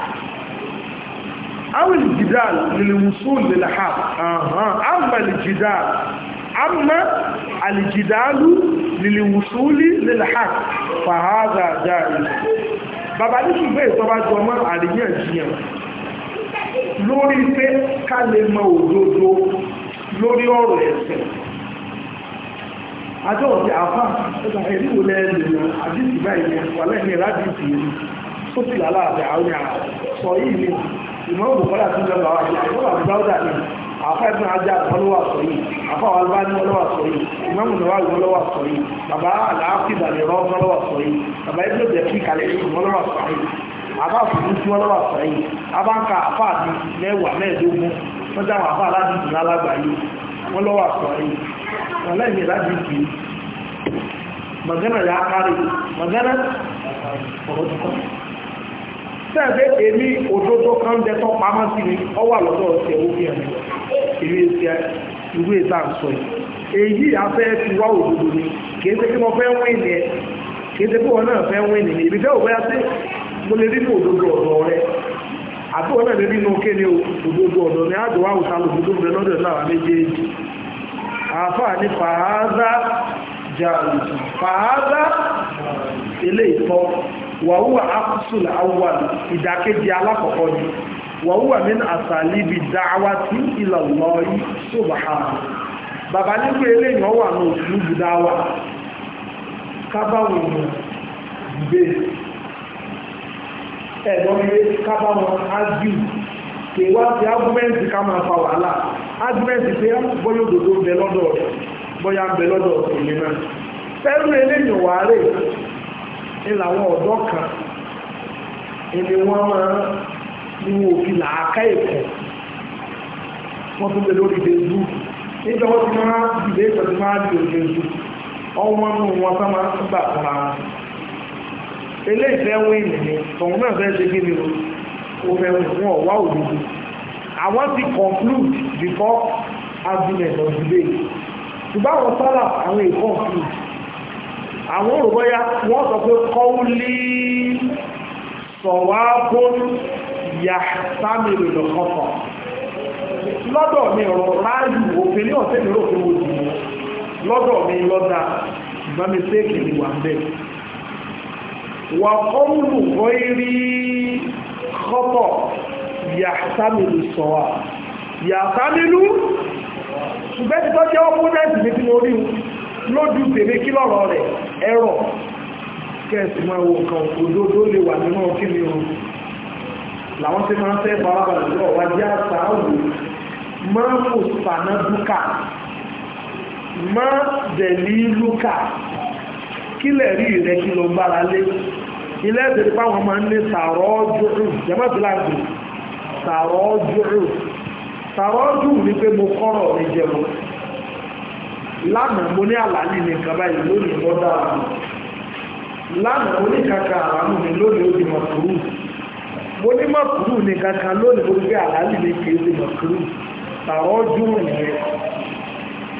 A: أو الجدال للوصول للحق أها أما الجدال أما الجدال للوصول للحق فهذا جائز bàbá ní ṣùgbọ́n ìtọ́bá jọ mọ́ àríyànjiyàn lórí pé ká lè mọ òdodo lórí ọ̀rọ̀ ẹ̀sẹ̀ àjọ òbí àfà ẹgbà ẹ̀rí wò lẹ́ẹ̀lẹ̀ náà àdìsí báyìí wà lẹ́yìn ìrádìsí yìí tó ti lálàáfẹ́ àwọn sọ yìí nìyí ìmọ̀ràn bùkọ́lá tún lọ́gbà wá sí àìmọ́ àbúráwọ́dà ni àfẹ́fún ajá ọlọ́wà sọ̀rí àfọwọ́ albani ọlọ́wà sọ̀rí ìmọ̀mù nàwárí ọlọ́wà sọ̀rí bàbá aláàfin ìdàlẹ́rọ́ ọlọ́wà sọ̀rí bàbá ẹgbẹ́ ìbẹ̀fí kalẹ̀ ọlọ́wà sọ̀rí àbá fùdú sí ọlọ́wà sọ̀rí àbá ń ka àfà àti mẹ́wàá mẹ́ẹ̀ẹ́dógún wọ́n dáhùn àfà aládìsí lálágbàáyé wọ́n lọ́wà sọ̀rí wọ́n lẹ́yìn ìlàdìsí magana sẹ́ẹ̀fẹ́ èmi òdodo kan jẹ tó pamọ́ sí mi ọ wà lọ́dọ̀ ọ̀sẹ̀ òbí ẹ̀mí èmi èsì ìwé ìta sọ èyí afẹ́ ti wá òdodo ni kìí ṣe kí mo fẹ́ wọ́n ìní ẹ̀ kìí ṣe kí wọn náà fẹ́ wọ́n ìní mi ìbí fẹ́ òbẹ́ sí mo lè nínú òdodo ọ̀dọ̀ rẹ àti wọn náà lè nínú kéde òdodo ọ̀dọ̀ ni àjọ wa òsàlù òdodo rẹ lọ́dọ̀ náà méjèèjì àáfàá wàhúwà akusul awwal ìdàkejì alákọ̀ọ́kọ́ ni wàhúwà min asalibi da'wati ila Allah subhanahu bàbá nígbà eléyìn ọwà náà òṣèlú budáwà kábàwọn èèyàn gbé ẹ̀gbọ́n ilé kábàwọn ágbì kèwà ti ágúmẹ́ǹtì ká máa fa wàhálà ágúmẹ́ǹtì pé bọ́yọ̀ òdòdó bẹ lọ́dọ̀ bọ́yà bẹ lọ́dọ̀ èmi náà fẹ́rù eléyìn wàhálà ní làwọn ọ̀dọ́ kan ẹni wọ́n máa ní wọn òfin làákà ẹ̀kọ́ wọ́n tún lè lórí ìdẹ́jú nígbà wọ́n ti máa dìde ìtọ́ ti máa dìde ìdẹ́jú ọwọ́ nù wọn sá máa ń gbà fúnra wọn eléyìí fẹ́ wíìn ní tọ̀hún náà fẹ́ ṣe kí o ó fẹ́ wọ́n ọ̀wá òdodo àwọn ti conclude before argument of debate ṣùgbọ́n àwọn sálà àwọn èkó conclude àwọn òrùbọ́yá wọ́n sọ pé kọ́wúlí sọ̀wábón yàtàmìlì lọ́kọ̀ọ̀kọ̀ lọ́dọ̀ mi ọ̀rọ̀ ráàyù òfin ní ọ̀sẹ̀ mìíràn òfin wo dìbò lọ́dọ̀ mi lọ́dà ìgbà mi séèkì ni wà bẹ́ẹ̀ wà kọ́wúlù gọ́írí kọ́tọ̀ yàtàmìlì sọ̀wá yàtàmìlì ṣùgbẹ́ ti tọ́jú ọkùnrin ẹ̀sìn ní orí lójú tèmi kí lọ́rọ̀ rẹ̀ ẹ̀rọ kẹ́ẹ̀sì máa wo nǹkan òdodo lè wà nínú kí ni o làwọn tí máa ń fẹ́ farabalẹ̀ sí ọ̀wá jẹ́ àṣà àwò máa ń kò sànà dúkà máa dẹ̀lí lúkà kílẹ̀ rí rẹ̀ kí ló gbára lé ilé ẹ̀sẹ̀ páwọn máa ń ní sàrọ̀ ọjọ́rù jẹ́mọ́tì láàgbè sàrọ̀ ọjọ́rù sàrọ̀ ọjọ́rù ni pé mo kọ́rọ̀ mi jẹun lánàá mo ní àlàálì ní nǹkan báyìí lónìí bọ́dà àmì lánàá mo ní kàkà àràmù ní lónìí ó di mọ̀kúrú mo ní mọ̀kúrú ní kàkà lónìí mo gbé àlàálì ní kì í di mọ̀kúrú tààrọ́ ojú ìyẹn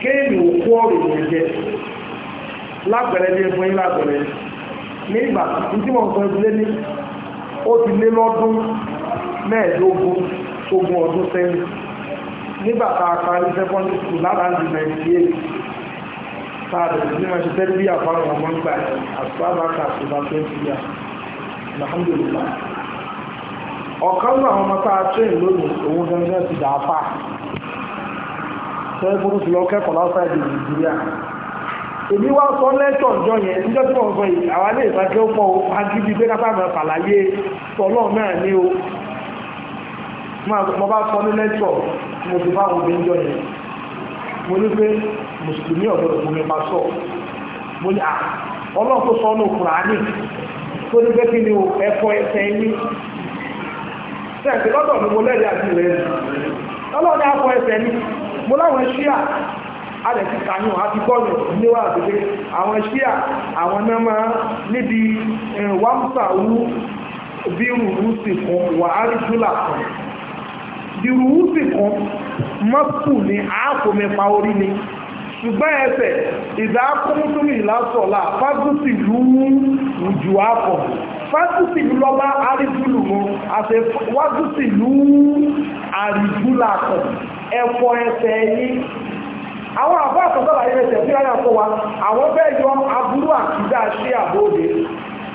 A: kéènì òkú ọ̀rọ̀ ìyẹn jẹ lágbẹ̀rẹ̀ ní ẹgbẹ́ yín lágbẹ̀rẹ̀ ní ìgbà tí wọ́n sọ ìdílé ní ó ti lé lọ́dún mẹ́ẹ̀ẹ́dógún ogún ọdún sẹ́yìn nígbà tá a parí secondary school lára ní 98 sáàdù ní ma ṣe tẹ́lẹ̀ yà fáwọn ọmọ ń gbà àtúbàbà kà àtúbà tó ń fìyà ọ̀kan náà àwọn ọmọ tá tẹ́ gangan ti dà fún nàìjíríà èmi wá sọ lẹ́tọ̀ yẹn níjọ́ tí wọ́n yìí àwa lè ó pọ̀ agídí pé o mo bá sọ ní lẹ́tọ̀ mo ti bá òbí mùsùlùmí ọ̀gbọ́dọ̀ mú mi pa sọ mo ní à ọlọ́run tó Kùránì tó ní pé ni o ẹ̀kọ́ ẹsẹ̀ yín sẹ́ẹ̀sì lọ́dọ̀ ni mo lẹ́rìí àti rẹ̀ ọlọ́run ní akọ ẹsẹ̀ ni mo láwọn ṣíà alẹ̀ ti kàyàn àti bọ́ọ̀lù níwà àgbègbè àwọn ṣíà àwọn náà máa níbi wàmsà wú bí rùrùsì kan wà á rí júlà kan bí rùrùsì kan mọ́pù ni àákòmẹ́pa orí ni ṣùgbọ́n ẹsẹ̀ ìdákùnkùnrin ìlàsọ̀lá fásitì lú ìjù àpọ̀ fásitì lọ́bá àríjúlù mọ́ àti wásitì lú àríjúlàpọ̀ ẹ̀fọ́ ẹsẹ̀ yìí àwọn àbọ̀ àtọ̀sọ́lá yẹn ẹsẹ̀ tí ráyà fọ́ wa àwọn bẹ́ẹ̀ yọ aburú àkídá ṣé àbóde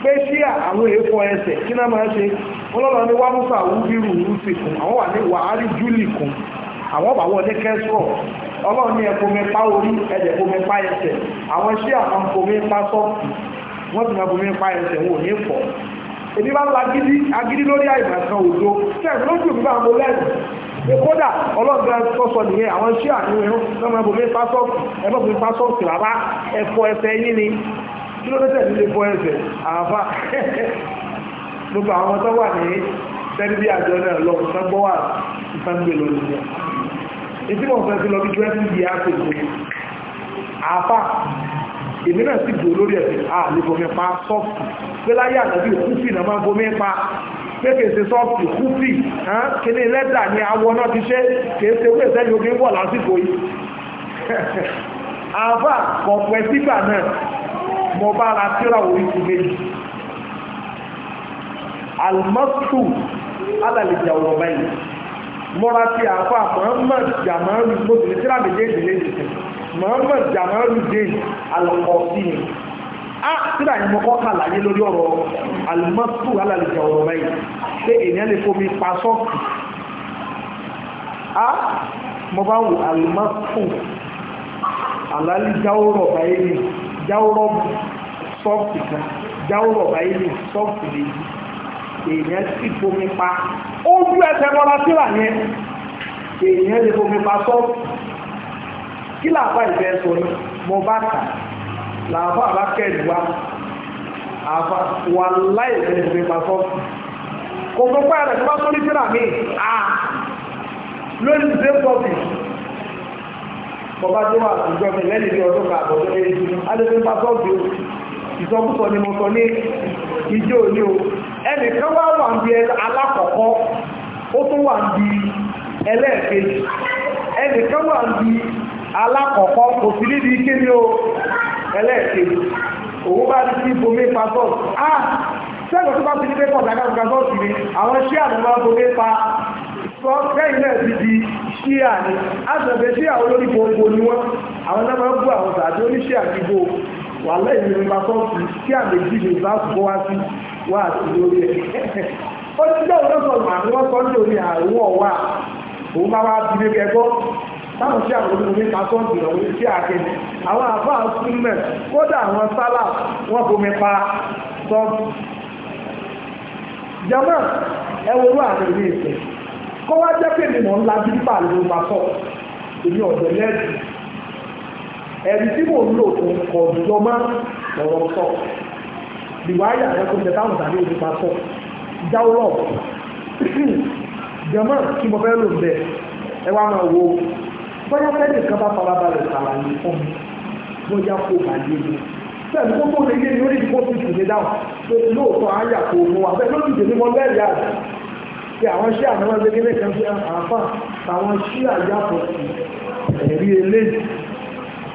A: pé ṣí àwọn èèfọ́ ẹsẹ̀ kí náà máa ṣe wọ́n lọ́lọ́ ní wá mú fà wú bírù wú sí kùn àwọn wà ní wàhálì júlì kùn àwọn bàwọ́ ní kẹ́sùrọ̀ ọlọ́run ní ẹ̀fọ́mi pa orí ẹ̀dẹ̀ fọ́mi pa ẹsẹ̀ àwọn iṣẹ́ àwọn fọ́mi pa sọ́ọ̀tì wọ́n ti máa fọ́mi pa ẹsẹ̀ wọn ò ní fọ́ èmi bá ń la gidi agidi lórí àìmọ̀kan òdo fẹ́ẹ̀ lójú mi bá mo lẹ́nu kódà ọlọ́gbà sọ́sọ nìyẹn àwọn iṣẹ́ àníwẹ̀ lọ́mọ ẹbùnmí pásọ́ọ̀tì ẹbùnmí pásọ́ọ̀tì rárá ẹ̀fọ́ ẹsẹ̀ yín ni kí ló tẹ̀lé lè fọ ẹsẹ̀ àbá gbogbo àwọn tó wà ní tẹ́lifí àjọ náà lọ sọ́gbọ́wà ìfẹ́ǹgbè lónìí ìfímọ̀ fẹ́ sí lọ bí 20 years ago àfà èmi náà sì gbò lórí ẹ̀sìn àlebomi pa sọ́ọ̀tì pé láyé àtàbí kúfì náà máa bomi pa pé kìí ṣe sọ́ọ̀tì kúfì kíní lẹ́dà ni awọ náà ti ṣe kìí ṣe wé ìṣẹ́yìn omi wọ̀ lásìkò yìí àfà kọ̀pẹ́ sígbà náà mo bá ra tíra oríṣi méjì almasu alàlejò ọ̀rọ̀ báyìí mọ́ra sí àfà Muhammad Jamalu mọ́tò ní tíra méjèèjì léjì sí Muhammad Jamalu dèn alọ́kọ̀ọ́sí ni a tíra yẹn mọ́kọ́ kà láyé lórí ọ̀rọ̀ alimọ́tò alàlejò ọ̀rọ̀ báyìí pé ènìyàn lè fomi pa sọ́ọ̀kì a mo bá wù alimọ́tò alàlejò ọ̀rọ̀ báyìí jáwọ́rọ̀ sọ́ọ̀kì kan jáwọ́rọ̀ báyìí sọ́ọ̀kì lè yí èèyàn sì fomi pa ojú ẹsẹ̀ bọ́lá sílà yẹn èèyàn lè fomi pa sọ́ kí làbá ìfẹ́ sọ ni mo bá kà làbá bá kẹ́ẹ̀dùwá àfa wà láì fẹ́ fomi pa sọ́ kò tó pẹ́ rẹ̀ tí wọ́n tó ní sílà mi à lórí ṣe pọ̀sì bọ́bá tó wà àtijọ́ mi lẹ́yìn bí ọdún kan àbọ̀dọ́ lẹ́yìn tí a lè fi pa sọ́ọ̀bù ìsọkúsọ ni mo sọ ní ijó ní o ẹnìkan wá wà ń bi alákọ̀ọ́kọ́ ó tún wà ń bi ẹlẹ́ẹ̀kejì ẹnìkan wà ń bi alákọ̀ọ́kọ́ kò sí níbi ike ní o ẹlẹ́ẹ̀kejì òun bá ti sí bomi pa sọ́ọ̀sì á sẹ́yìn tó bá ti ní pépọ̀ dàgbàgbà sọ́ọ̀sì ni àwọn ṣíà ló máa bomi pa sọ sẹ́yìn náà ti di ṣíà ni àtẹ̀fẹ́ ṣíà olórí gbogbo ni wọ́n àwọn náà máa ń bú àwọn tàbí oníṣíà gbogbo wà lẹ́yìn ní pa sọ́ọ̀sì ṣíà méjì ní ìbá wá àti lórí ẹ̀ ó ti jẹ́ òun lọ́sọ̀ àmì wọ́n sọ ní orí àwọn ọ̀wà òun bá wá bí lé kẹgbọ́ táwọn sí àwọn olùkọ́ nípa tó ń sí àkẹ́ni àwọn àfáà súnmẹ̀ kódà àwọn sálà wọ́n bomi pa sọ jama ẹwọ́rú àmì ní ìfẹ́ kọ́ wá jẹ́ pé mi mọ̀ ń lajú nípa ló bá sọ èmi ọ̀dọ̀ lẹ́ẹ̀dì ẹ̀rí tí mò ń lò fún ọ̀dùnjọ́ máa sọ rìwáyà rẹ kó jẹ táwọn tàbí òde papọ̀ jáwọ́ jẹmọ́ tí mo fẹ́ lò ń bẹ ẹ wá máa wo bóyá fẹ́ẹ̀lì kan bá farabalẹ̀ sàlàyé fún mi bóyá kó bàjẹ́ mi bẹ́ẹ̀ ni kókó lè yé ni ó lè kó tutù ní dáhùn pé lóòótọ́ àyà kò mú wa bẹ́ẹ̀ lóòótọ́ ìdèmí wọn bẹ́ẹ̀ yá rẹ̀ pé àwọn iṣẹ́ àwọn ẹgbẹ́ kékeré kan fi àǹfà àwọn iṣẹ́ àyàtọ̀ sí
B: ẹ̀rí eléyìí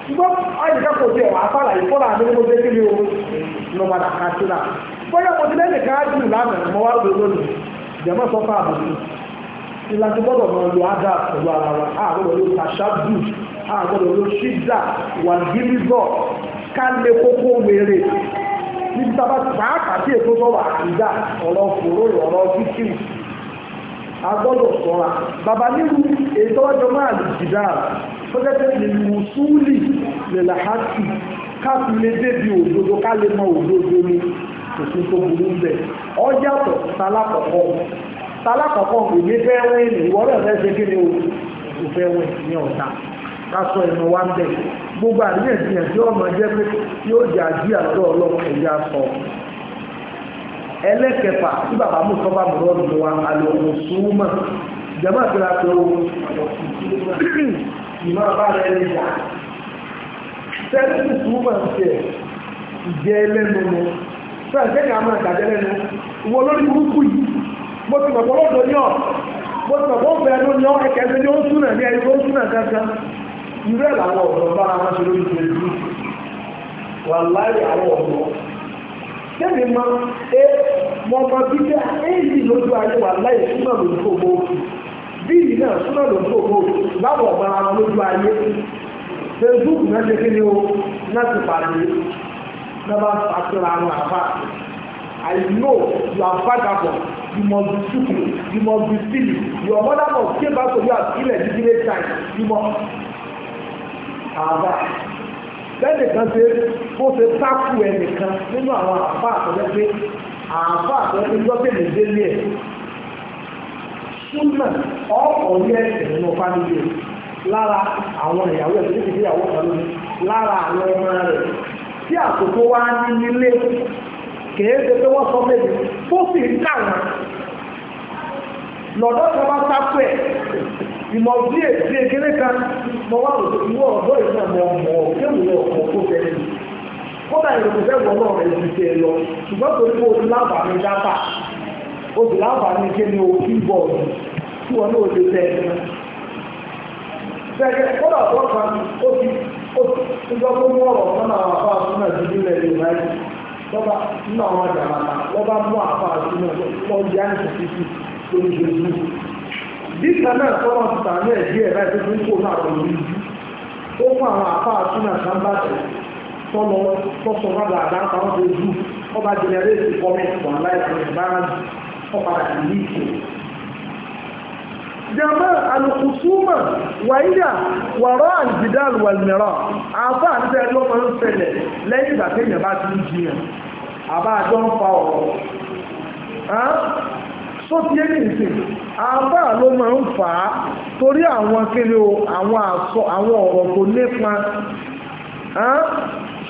A: ṣùgbọ́n àyíká kò tẹ̀ wá fàlà ìfọ́lá àdéhùn tó kékeré o lọ padà ká mo ti lẹ́yìn ká jù lánàá mo wá lò lónìí jẹ̀mọ́ sọ fún àbùkù ìlànà gbọ́dọ̀ ádá pẹ̀lú ara wa àgbọ̀dọ̀ àgbọ̀dọ̀ wà gírígọ̀ kókó níbi pàápàá sí ọ̀rọ̀ fòró ọ̀rọ̀ àgbọ̀dọ̀ sọ̀ra bàbá tó jẹ́ pé mùsùlì lèlà hàtì káàkiri lè débi òdodo ká lè mọ òdodo ni kò sí tó burú bẹ̀ ọ yàtọ̀ sálákọ̀ọ́kọ́ sálákọ̀ọ́kọ́ kò ní fẹ́ wẹ́ ní ìwọ rẹ̀ fẹ́ ṣe kí ni o kò fẹ́ wẹ́ ní ọ̀tá kásọ ẹ̀nà wa ń bẹ̀ gbogbo àríyànjiyàn tí ọmọ jẹ́ pé yóò jẹ́ àjí àtọ́ ọlọ́run ẹ̀yà sọ ẹlẹ́kẹfà tí bàbá mú sọ́bà mú lọ́dún wa àlọ́ òṣùwọ̀n jẹ́mọ́ àti ìmọ̀ bá rẹ̀ ní ìjà tẹ́lẹ̀sì tó mọ̀ sí ẹ̀ ìjẹ́ ẹlẹ́nu mọ́ fẹ́ẹ̀ kẹ́kẹ́ àmọ́ ìdàjẹ́ lẹ́nu wọ lórí burúkú yìí mo ti mọ̀ pọ́lọ́dọ̀ ní ọ̀ mo ti mọ̀ pọ́ bẹ́ẹ̀ ló ní ọ́ ẹ̀kẹ́ tó ní ó súnà ní ẹni tó súnà kankan irú ẹ̀ làwọn ọ̀dọ́ bá ara ṣe lórí Facebook wà láyé àwọn lójú ayé wà láyé súnà lójú ògbó òkú bíìlì náà súnà ló tó kó báwọ̀ ọ̀gbọ̀n àwọn lójú ayé facebook náà ṣe kí ni o náà ti pàdé náà bá pàṣẹra àwọn àbá I know you are vagabond you must be stupid you must be silly your mother must came back to you as illegitimate time. you must àbá lẹ́nìkan ṣe bó ṣe tákù ẹnìkan nínú àwọn àbá àtọ́jọ́ pé àbá àtọ́jọ́ pé lọ́sẹ̀ lè délé ẹ̀ súnmọ̀ ọ̀pọ̀ ní ẹ̀sẹ̀ nínú fámílì lára àwọn ìyàwó ẹ̀ tó ti yàwó kan lónìí lára àwọn ọmọ rẹ̀ tí àkókò wá ní nílé kèé pé wọ́n sọ méjì tó sì ń kà lọ́dọ̀ tó bá sápò ẹ̀ ìmọ̀ bí èsì ekele kan mọ wá lòdì ìwọ ọ̀dọ́ ìlú àmọ́ ọmọ kéwìlẹ̀ ọ̀pọ̀ tó bẹ̀rẹ̀ ni kódà ìròyìn fẹ́ náà rẹ̀ ti tẹ̀ lọ ṣùgbọ́n torí pé o ti láǹfààní dáta obì láǹfààní ṣe ní owó keyboard tí wọn náà lè tẹ ẹnu sẹkẹ kódà tó kan ó ti ó ti mú ọ̀rọ̀ fún àwọn afọ àtúnà ju nílẹ̀ yorùbá yìí lọ́ba nínú àwọn àjàmàta lọ́ba mú àfọ àtúnà lọ́ọ́ di àìsàn títí náà ní náà ó fún àwọn àtúnà tọ́lọ àdáńtà wọn tó ọba ọ̀padà ìlú ìṣe jama alukusuma wàyíyà wàrọ àlùbídàlù wàlùmírà àbá àti ẹni ọmọ ń ṣẹlẹ̀ lẹ́yìn ìgbà téèyàn bá ti ń jiyàn àbá àjọ ń fa ọ̀rọ̀ sóti ẹni ìsìn àbá ló máa ń fà torí àwọn kéré o àwọn ọ̀rọ̀ kò nípa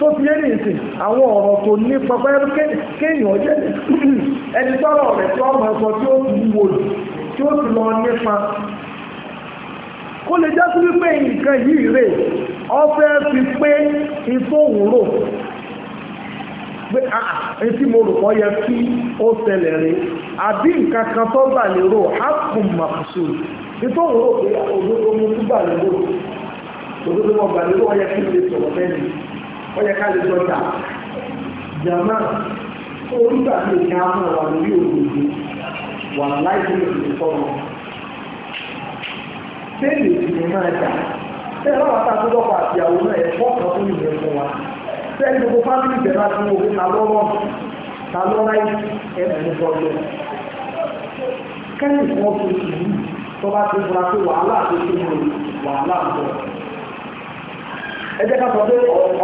A: tó fi yé nìsín àwọn ọ̀rọ̀ tó ní pọpẹ́ kéèyàn jẹ́ ẹni tọ́rọ̀ rẹ̀ tí ọmọ ẹ̀sọ́ tí ó ti wò lù tí ó ti lọ nípa kó lè jásí wípé nǹkan yìí rè ọfẹ́ fi pé ìfowórò pé etí mo rò kọ́ yẹ kí ó ṣẹlẹ̀ rè àbí nǹkan kan tó gbà lérò ápùn màkùsù ìfowórò pé òdodo mo tún gbà lérò òdodo mo gbà lérò ọyẹ kí n lè sọ̀rọ̀ mẹ́rin ọyẹ ká lè sọta jama orúkọ àti ìka máa wà lórí òdòdó wà láìpẹ́ lòdì sọ̀rọ̀ bẹ́ẹ̀ni ìdìbò máa dà bẹ́ẹ̀ bá wàá tàbí lọ́kọ̀ àti àwọn náà ẹ̀fọ́ kan tó lè yẹn fún wa bẹ́ẹ̀ gbogbo fámìlì bẹ̀rẹ̀ àti owó ta lọ́rọ̀ ta lọ́rọ̀ ẹ̀fọ́ sọ̀rọ̀ kẹ́lí fún pé wàhálà tó tó lò wàhálà sọ̀rọ̀ ẹ jẹ́ ká sọ pé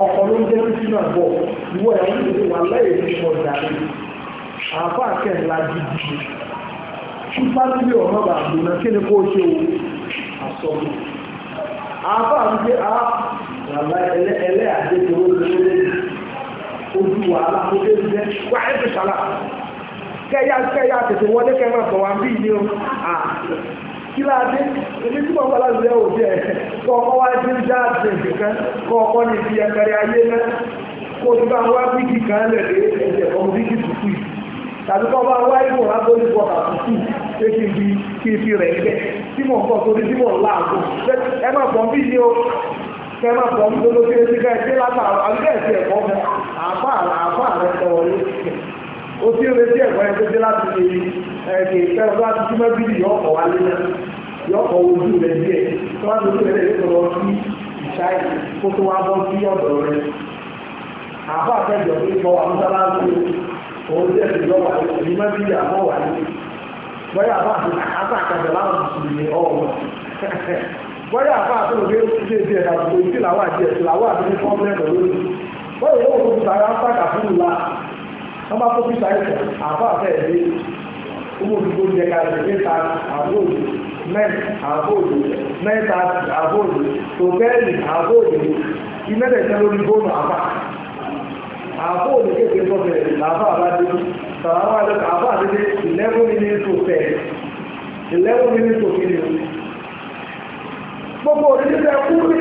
A: ọkọ̀ ló ń jẹ́ lójú náà bọ̀ ìwọ ẹ̀ ń lè wà lẹ́yìn ní ọ̀dàrí àáfà kẹ́ńlá gidi ṣùgbọ́n níbi ọ̀nà bá gbóná kí ni kó ṣe o àsọ̀rọ̀ àáfà ń gbé a bàbá ẹlẹ́ àdéjọ olóòlé ojú wàhálà ó dé jẹ́ wà ẹ́ ti sàlà kẹ́yà kẹ́yà tètè wọlé kẹ́yà sọ̀wá bí ìdí o kí láàdé ebi tí wọ́n fọ́lá lẹ́ òbí ẹ̀ kọ́ ọkọ́ wá dé jáàdì nìkan kọ́ ọkọ́ ní fi ẹ̀kẹ́rẹ́ ayé náà kó ti bá wá bíkì kan lẹ̀ dé ẹ̀jẹ̀ ọmọ bíkì tuntun yìí tàbí kọ́ bá wá ìbò rábólì bọ̀ àtúntù ṣé kí n fi kí n fi rẹ̀ ń bẹ̀ tí mò ń kọ́ torí tí mò ń láàgùn ẹ má pọ̀ bí ní o kẹ má pọ̀ bí lọ́lọ́sí ẹ ti ká ẹ o ti retí ẹ̀kọ́ yẹn tó dé láti ṣe ẹ̀kẹ́ ìfẹ́ ọdún láti tí mọ́ bíbí yọ ọkọ̀ wálé náà yọ ọkọ̀ ojú rẹ̀ díẹ̀ tó wá lójú rẹ̀ lè lọ sí ìṣáì kó tó wá bọ́ sí ọ̀dọ̀ rẹ̀ àbá àfẹ́jọ pé kọ́ amúsáláṣí òun jẹ́ ìjọ wà ní mọ́ bíbí àmọ́ wà ní bọ́yá àbá àti àtàkàjọ láwọn mùsùlùmí ọ̀wọ̀ bọ́yá àbá àti òbí ṣe ìdí ẹ̀dà òṣèlú ìtìláwà àti ẹ̀tìláwà àti ní fọ́ọ̀mù ẹ̀dọ̀ lórí bọ́yá òun kò tààrà sákà fún wọ́n bá tó fi sáré tẹ̀ àbá àfẹ́ ẹ̀ lé owó òdìgbò jẹ kalẹ̀ níta àbóòdì mẹ́rin àbóòdì mẹ́ta àbóòdì tòbẹ́ẹ̀lì àbóòdì ìmẹ́tẹ̀ẹ̀tẹ̀ lórí bóònù àbá àbóòdì kéèké sọ́fẹ̀ẹ́ làbá àbádé sàràwá àbá àdédé eleven minutes to ten eleven minutes to finish gbogbo òdìdí tẹ kú rí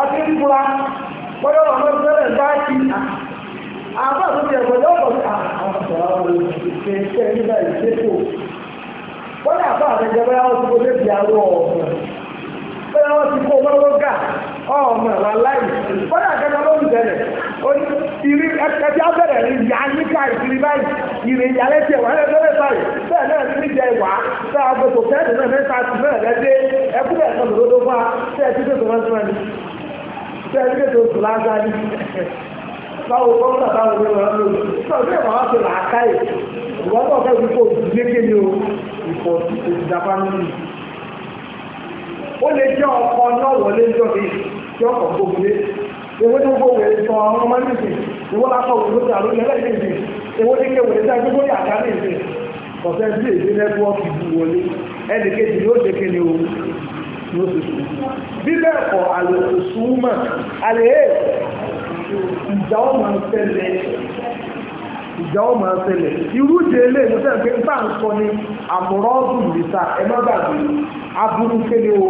A: àti ń àbá tó ti ẹ̀kọ́ yọ ọ̀pọ̀ nípa àwọn ọ̀sọ̀rọ̀ àwọn olùṣe iṣẹ́ nígbà ìṣẹ́kù wọ́n ní àbá àtẹ̀jẹ́ bẹ́ẹ̀ wọ́n ti kó lé di àrò ọ̀ọ̀mọ̀ bẹ́ẹ̀ wọ́n ti kó mọ́wọ́ gà ọ̀ọ̀mọ̀ wà láì wọ́n ní àkẹ́kọ̀ọ́ ló báwo gọ́ọ̀nà táwọn ọmọ ìlú ọ̀rọ̀ náà bí ẹ̀rọ wá sí làákàyè ìwọ́n náà fẹ́ wípé òdìlékè ni o ìfọ̀ ìdàpá nínú ó lè jẹ́ ọkọ náà wọlé jọ bí tí ọkọ̀ gbogbo lé ewé tó gbogbo ẹ̀ sọ àwọn ọmọ nìsín ìwọ́n lásọ òwúrọ̀ tí àlọ́ ìlẹ́lẹ́ ìdìbì ewé ní kéwòrè tí a gbogbo ní àgbá nìsín ọ̀sẹ̀ sí èdè nẹ́tíwọ́ọ̀kì ju wọlé ẹnì kejì yóò ṣe kéde ni. yóò ṣe sùn bí bẹ́ẹ̀ kọ́ àlòkù sùn mọ̀ àlè ìjà ọmọ máa ṣẹlẹ̀ ìjà ilé ìmúṣẹ́ pé bá ń sọ ní àmúrọ́ọ̀dù ìrìsà ẹ aburú kéde o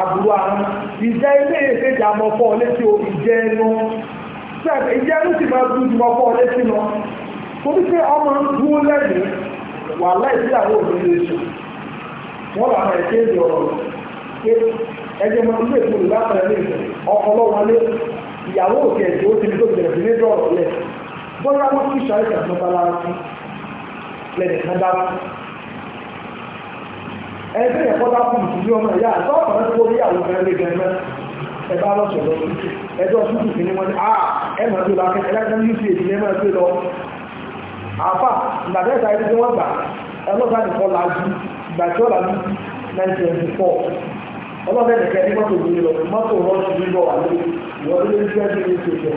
A: aburú ara ìjà ilé ìṣèjà àmọ́fọ́ létí o ìjẹ ẹnu ìjẹ ẹnu sì máa dúdú létí lọ torí pé ọmọ ń lẹ́yìn wà pé ẹgbẹ́ ọkọ̀ lọ́wọ́lé ìyàwó òkè ẹ̀jẹ̀ ó ti ní tó bẹ̀rẹ̀ sí ní dọ̀rọ̀ lẹ̀ bọ́lá wọn kí sáré kan mọ́ta lára sí lẹ́nu kan dá ẹgbẹ́ ẹ̀kọ́ bá kú ìtúlé ọmọ ìyá àtọ́kọ̀ náà tó rí àwọn ọmọ ẹgbẹ́ gan ẹ bá lọ́sọ̀ lọ ẹjọ́ tútù sí ni wọ́n ní à ẹ máa tó lọ́kẹ́ ẹlẹ́gbẹ́ ní uca ìdílé máa tó lọ àfà ìgbàdẹ́ta ẹni tí wọ́n gbà ẹlọ́gbà nìkan làájú ìgbà tí ọlọ́bẹ̀ nìkan ní mọ́tò mi lọ mọ́tò rọ́ọ̀ṣì mi wà lórí ìwọ́n ló ń ní oṣù ìṣẹ́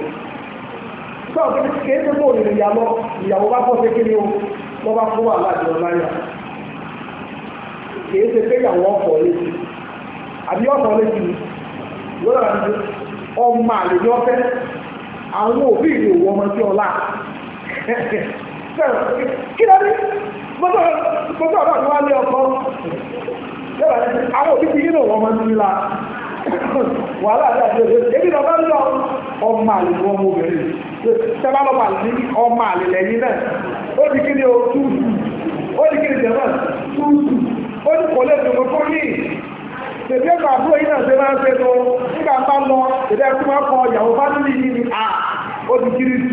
A: sọ pé kéé tó bóòlù ìyá lọ ìyàwó bá bọ́ sí kíni o wọ́n bá fún wàhálà jọ láyà kéé ṣe pé ìyàwó ọ̀fọ̀ létí àbí ọ̀fọ̀ létí lọ́dọ̀ àti ọmọ àlejò ọ̀fẹ́ àwọn òbí ìlú òwò ọmọ sí ọlá kí ló dé mọ́tò àwọn àwọn àlẹ́ ọkọ àwọn òbí ti nínú ọmọ ní la wàhálà àti àti òṣèlú ebi náà bá ń lọ ọmọ àlè ni wọn mú obìnrin sábà lọ́mọ àlè ní ọmọ àlè lẹ́yìn náà ó di kí ni o túùtù ó di kí ni jẹ̀mọ́ túùtù ó ní kò lè dùnkún fún yìí tètè ẹ̀kọ́ àbúrò yìí náà ṣe máa ń ṣe tó nígbà bá lọ tètè ẹ̀kọ́ máa kọ ìyàwó bá nílì yìí ni à ó di kiri tù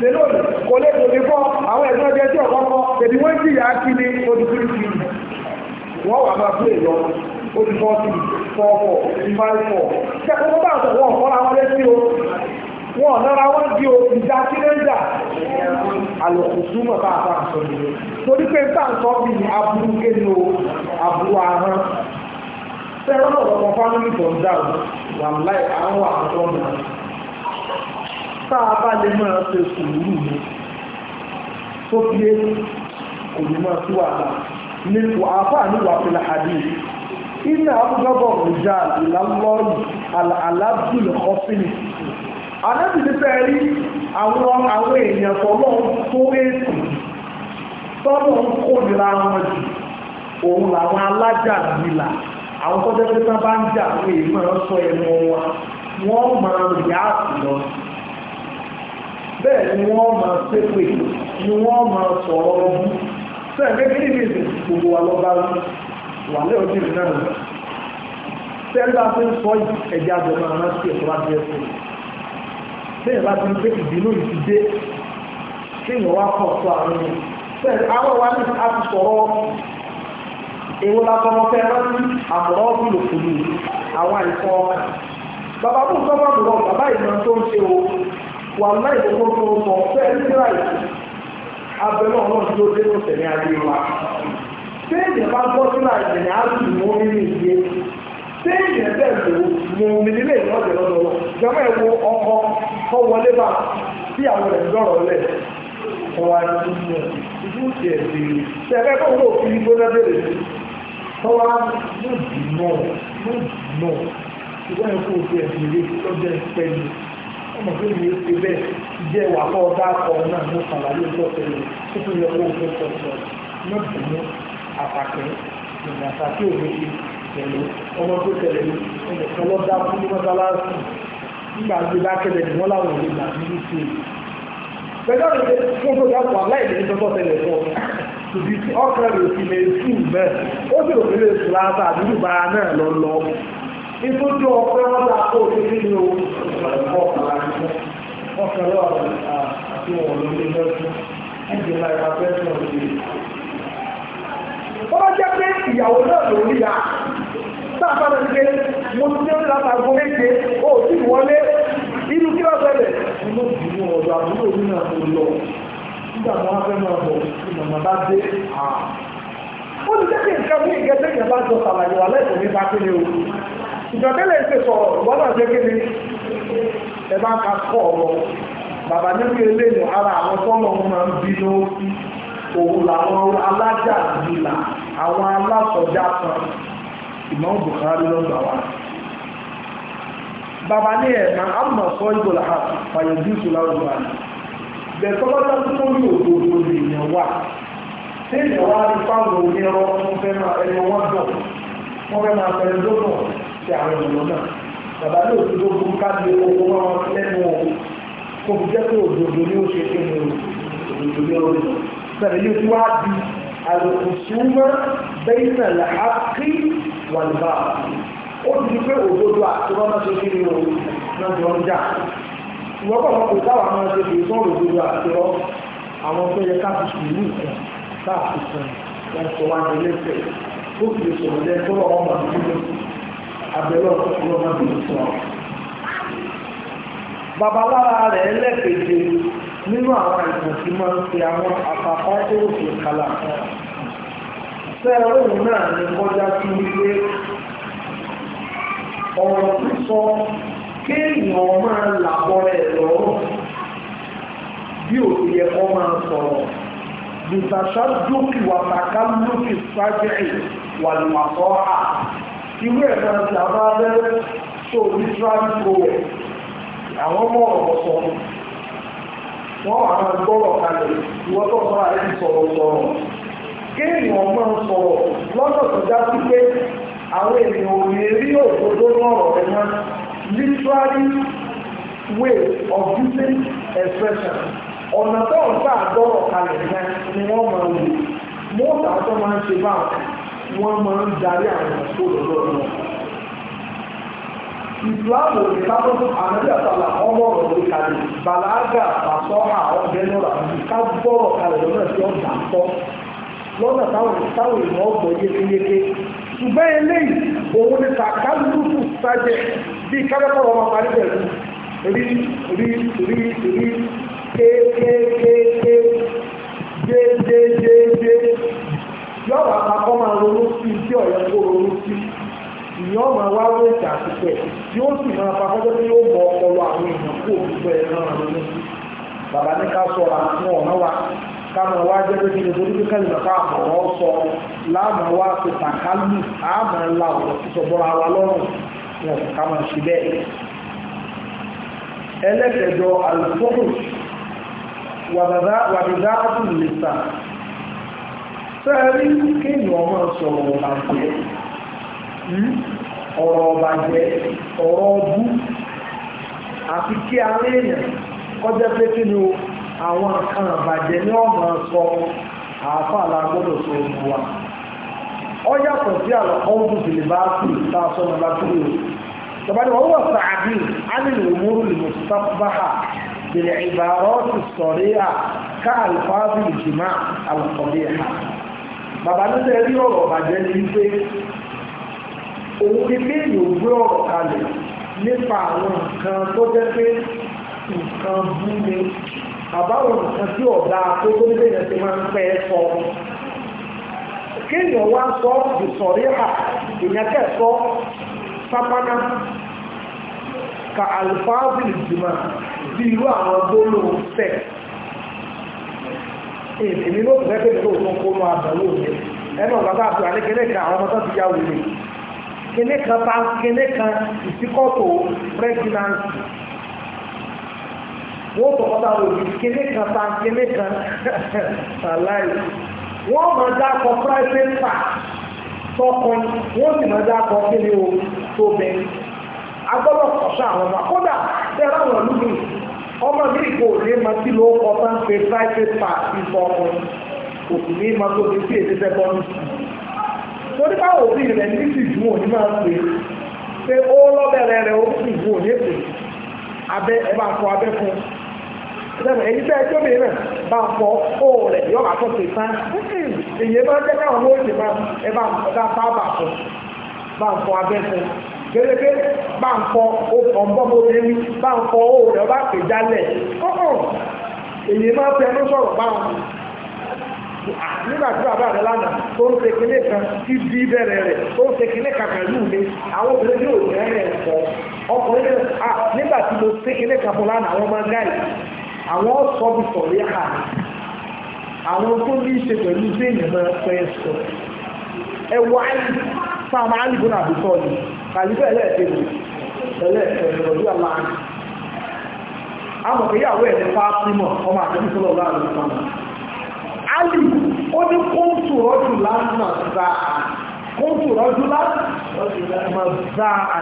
A: tètè wọ́n wà máa gbé lọ ó fọ́ sí fọ́ fọ́ five four ṣe àkókò bá àtọ̀ o wọn nára wọn di o ìjà kílẹ̀dà àlòkù súnmọ̀ bá a bá sọ nìyẹn torí pé bá a bí aburú kéde o aburú ahọ́n fẹ́ràn ọ̀rọ̀ kan fámìlì tó ń dà o wà láì àwọn àtọ́ náà tá bá lè máa ṣe sùúrù mi tó fi kò ní máa tú àlà ní àfà níwà fìlà hadith iná abúgbàbọ̀ ìjà ìlàlọ́rù aláàbùlù ọ̀sìnì anábì ti fẹ́ rí àwọn àwọn èèyàn tọ́lọ́ tó èsì tọ́lọ́ ń kó nira wọn jù òun làwọn alájà nìlà àwọn tó jẹ́ pé tá bá ń jà pé èèmọ̀ sọ ẹnu wa wọ́n máa rí àtìlọ bẹ́ẹ̀ ni wọ́n máa ṣépè ni wọ́n máa sọ̀rọ̀ ọdún sẹ́ẹ̀ méjìlì ní ìsìn gbogbo wa lọ́ba wà lẹ́ òjì rẹ̀ náà sẹ́ńdà tó ń sọ ẹ̀jẹ̀ àjọmọ́ àwọn sí ẹ̀kọ́ láti ẹ̀sìn sẹ́yìn bá ti ń pé ìbínú yìí ti dé kéèyàn wá pọ̀ tó àwọn yẹn sẹ́yìn àwọn wa ní a ti sọ̀rọ̀ èwo la tọmọ fẹ́ rántí àmọ̀ràn ọ̀gbìn lòkùnrin àwọn àìsàn ọkàn bàbá bùn sọ́mọ́ bùrọ̀ bàbá ìmọ̀ tó ń ṣe o wà láì tó tó tó sọ fẹ́ẹ́ nígbà ìsìn abẹ́lọ́ náà tí ó dé ní sẹ̀mí ayé wa téèyàn bá gbọ́ sínú àìsàn ní àdùn mú mi ní ìyé téèyàn bẹ́ẹ̀ lò mú mi nílé ìrọ́jẹ̀ lọ́dọọlọ́ jọmọ́ ẹ̀ wo ọkọ kọ́ wọlé bá tí àwọn rẹ̀ dọ̀rọ̀ lẹ̀ ọwọ́ àti ìlú ti ẹ̀ bèrè tẹ̀lé náà lóòdì náà ṣùgbọ́n ẹ̀ kó o fi ìpẹ́yìn ọmọ tó lè ṣe bẹ́ẹ̀ jẹ́ ìwà tó ọ̀dà akọ náà ní sàlàyé ọjọ́ tẹ̀lé tó tún yẹ kó o tó sọ sọ ní ìdùnnú àpàkẹ́ ìrìnàṣà tí òun ṣe tẹ̀lé ọmọ tó tẹ̀lé ẹnìkan lọ́dá fún ní mọ́sálásì nígbà tí lákẹ́lẹ̀ ni wọ́n láwọn òun ìgbà nínú sí i. pẹ̀lú ìdílé fún tó dá wà láì lè tọ́tọ́ tẹ̀lé fún ọ tí ọkàn rẹ̀ sì lè sí ìbẹ́ ó sì rò lè sùn láàbà àdúgbò bá náà lọ lọ. nítorí ọpẹ́ wọn dà kó o ti nínú ọkọ̀ àná wọ́n fẹ́ lọ́wọ́ àti wọn lórí
B: lọ́sùn ẹ̀jẹ̀ náà ìgbà fẹ́ sọ sí i.
A: wọ́n bá jẹ́ pé ìyàwó náà ló rí ya sáà bá lọ sí mo ti dé látàgbọ́ méje ó ti wọlé inú kí wọ́n bẹ̀rẹ̀ inú ìdìbò ọ̀dọ̀ àbúrò mi náà tó lọ nígbà tí wọ́n fẹ́ máa bọ̀ kí màmá bá dé à. ó ti jẹ́ pé nǹkan bí nǹkan tẹ́yìn bá jọ sàlàyé wà lẹ́sìn nípa kí ni o ìjọba tẹ́lẹ̀ ń ṣe sọ̀rọ̀ ìwọ́n náà jẹ́ kí ni ẹ ka kọ́ baba bàbá níbi eléyìí ara àwọn tọ́lọ̀ máa ń bí lóòsì òun làwọn alájà ìlà àwọn kan ìmọ̀ Bukhari lọ́gbà wa na ama sọ tó ní òdòdó lè yàn wá rí fáwọn onírọ́ wọ́n fẹ́ máa ẹni wọ́n dọ̀ wọ́n fẹ́ máa fẹ́ lọ́dọ̀ sí àwọn ènìyàn náà bàbá náà ti gbogbo ká lè owó wọn lẹ́nu kó fi jẹ́ pé òdòdó ni ó ṣe kí ni òdòdó ni ó rí sọ̀rọ̀ yóò ti wá di àlòkùnsúmọ́ bẹ́ẹ̀nà làákì wà lùbá ó ti di pé òdòdó àti wọn náà ṣe kí ni òun náà jọ ń jà ìwọ́n pọ̀ wọn kò táwọn máa ṣe kì í òdòdó àti àwọn tó yẹ ká sùúrù kan ká sùn wọn sọ wá ní ilé ìfẹ́ ó fi lè sọ̀rọ̀ lẹ́yìn tó lọ́wọ́ mọ̀ abẹ́lọ́ ọlọ́mọ bí fún ọ. babalára rẹ̀ lẹ́kẹ̀ẹ́jẹ nínú àwọn ìtàn tí máa ń fi àwọn àpapọ̀ òòfin kalà fún ọ. sẹ́ẹ̀ òun náà ni kọjá sí wípé ọ̀rọ̀ sísọ kéèyàn máa làbọ̀ rẹ̀ lọ́rùn bí ò yẹ kó máa sọ̀rọ̀ bìtàṣà dúkìwàtàkà lókè sájẹ̀ wàlùmọ̀tọ́ hà irú ẹ̀ náà ti àbá abẹ́rẹ́ tó ní traffic rower àwọn ọmọ ọ̀rọ̀ sọ wọ́n wà máa gbọ́rọ̀ kalẹ̀ ìwọ́n tó sọ àìsí sọ̀rọ̀ sọ̀rọ̀ kéèyàn máa sọ̀rọ̀ lọ́nà tó já sí pé àwọn èèyàn ò lè rí òdodo lọ́rọ̀ rẹ̀ mọ́ literary way of using expression ọ̀nà tó ń gbà gbọ́rọ̀ kalẹ̀ náà ni wọ́n máa wò mọ́tà tó máa ń ṣe báwọn wọ́n máa ń darí àwọn ìṣòro lọ́dọ̀ wọn. ìsìláàmù ní kábọ́sọ́ ànábì àtàlà ọmọ ọ̀rọ̀ lórí kalẹ̀ bàlágà àtọ́hà ọ̀bẹ náírà ní ká gbọ́rọ̀ kalẹ̀ lọ́nà tí ó dà tọ́ lọ́nà táwọn táwọn èèyàn ọgbọ̀n yékéyéké ṣùgbọ́n eléyìí òun ni kàkálùkù sájẹ̀ bíi kábẹ́kọ̀ ọmọ parí pẹ̀lú rí rí rí rí kékékéké dédédédé yọ wà papọ̀ máa ronú sí ibi ọ̀yọ́ kó ronú sí ìyẹn ọmọ wa wọ ìjà àtúpẹ̀ tí ó sì máa papọ̀ tó yóò mọ ọpọlọ àwọn èèyàn kó òkúpẹ̀ náà ronú sí bàbá ní ká sọ̀rọ̀ àwọn ọ̀nà wa káwọn wa jẹ́ pé kíni torí kíkẹ́ lè fà àmọ̀rọ̀ sọ láàmú wa ti tàkálù àmọ̀ ńlá ọ̀rọ̀ sísọ bọ́ra wa lọ́rùn wọn kà máa ṣe bẹ́ẹ̀. ẹlẹ́kẹ̀jọ àlùfóònù wàdìdá àtúnlẹ̀sà sẹ́ẹ̀rí kéèyàn ọmọ sọ̀rọ̀ ọ̀bàjẹ́ hmm? ọ̀rọ̀ ọ̀bàjẹ́ ọ̀rọ̀ ọdún àti kí alẹ́ èèyàn kọjá pé kí ni àwọn nǹkan àbàjẹ́ ní ọ̀nà sọ àáfà làgbọ́dọ̀ sọ ọmọ wa ọ yàtọ̀ sí àlọ́kọ́ọ̀dù tìlìbáàtì tá a sọ̀rọ̀ lábúrò tọ́bàdì wọ́n wọ̀ sàádì ánìlè òmùrù lìmùsítàbáhà bèrè ìbàrọ́ọ̀tì sọ̀rí à ká àlùfáàbì ìjìmá àlùkọ̀bí ẹ̀ha bàbá ló tẹ́ rí ọ̀rọ̀ bàjẹ́ ní wípé òun kékeré yóò gbé ọ̀rọ̀ kalẹ̀ nípa àwọn nǹkan tó jẹ́ pé nǹkan bú ni àbáwọn nǹkan tí ọ̀dà tó tó nílé yẹn ti máa ń pẹ́ sọ kéèyàn wá sọ ìsọ̀rí hà èèyàn kẹ́sọ́ sápáná ka àlùfáàbì ìjùmọ̀ bí irú àwọn gbólóhùn sẹ́ẹ̀ èmi ló fẹ́ pé kó tó kó máa bọ̀ lóòrè ẹnu ọ̀gá bá fìlà ní kíní kan àwọn ọmọ tó ti ya wèrè kíní kan bá kíní kan ìsíkọ́tò pregnancy wọ́n tọ̀kọ́ bá wòlé kíní kan bá kíní kan aláì wọ́n máa dákọ̀ private park tọkùn wọ́n sì máa dákọ̀ kíní o tó bẹ́ẹ̀ agbọ́dọ̀ kọ̀ṣọ́ àwọn ọmọ kódà tẹ́lá wọn lùdù ọmọ mi kò ní ma sí ló kọ bá ń pe private part ìfọ ọmọ kò sì ní ma tó fi sí èdè sẹ́kọ́ndì torí báwo bí rẹ̀ ní ti jù òní máa pè é pé ó lọ́bẹ̀rẹ̀ rẹ̀ ó sì jù òní pè é abẹ́ ẹ bá fọ abẹ́ fún un lẹ́nu èyí tẹ́ ẹjọ́ mi rẹ̀ bá fọ ó rẹ̀ yọ àtọ́ sí tán èyí bá jẹ́ káwọn ó sì bá ẹ bá fọ abẹ́ fún gẹ́gẹ́ bá ń fọ ọ̀bọ́mọbìnrin bá ń fọ owó rẹ̀ bá pè jálẹ̀ ọ̀hún èyí máa fẹ́ ló sọ̀rọ̀ báwọn nígbà tí bàbá rẹ̀ lánàá tó ń ṣe kinní kan tí bẹ̀rẹ̀ rẹ̀ tó ń ṣe kinní kan pẹ̀lú mi àwọn obìnrin yóò jẹ́ rẹ̀ pọ̀ ọkùnrin rẹ̀ à mo kinní kan fún lánàá àwọn sọ bí sọ̀rí hà àwọn kàlífẹ́ ẹlẹ́ẹ̀kejì ẹlẹ́ẹ̀kejì ọdún aláàánú amọ̀kẹ́yàwó ẹ̀ ní fáfímọ̀ ọmọ àtẹ́bí sọ́lọ̀ láàrin sọ́nà alì ó ní kóńtù rọ́jù lánà záà kóńtù rọ́jù lánà záà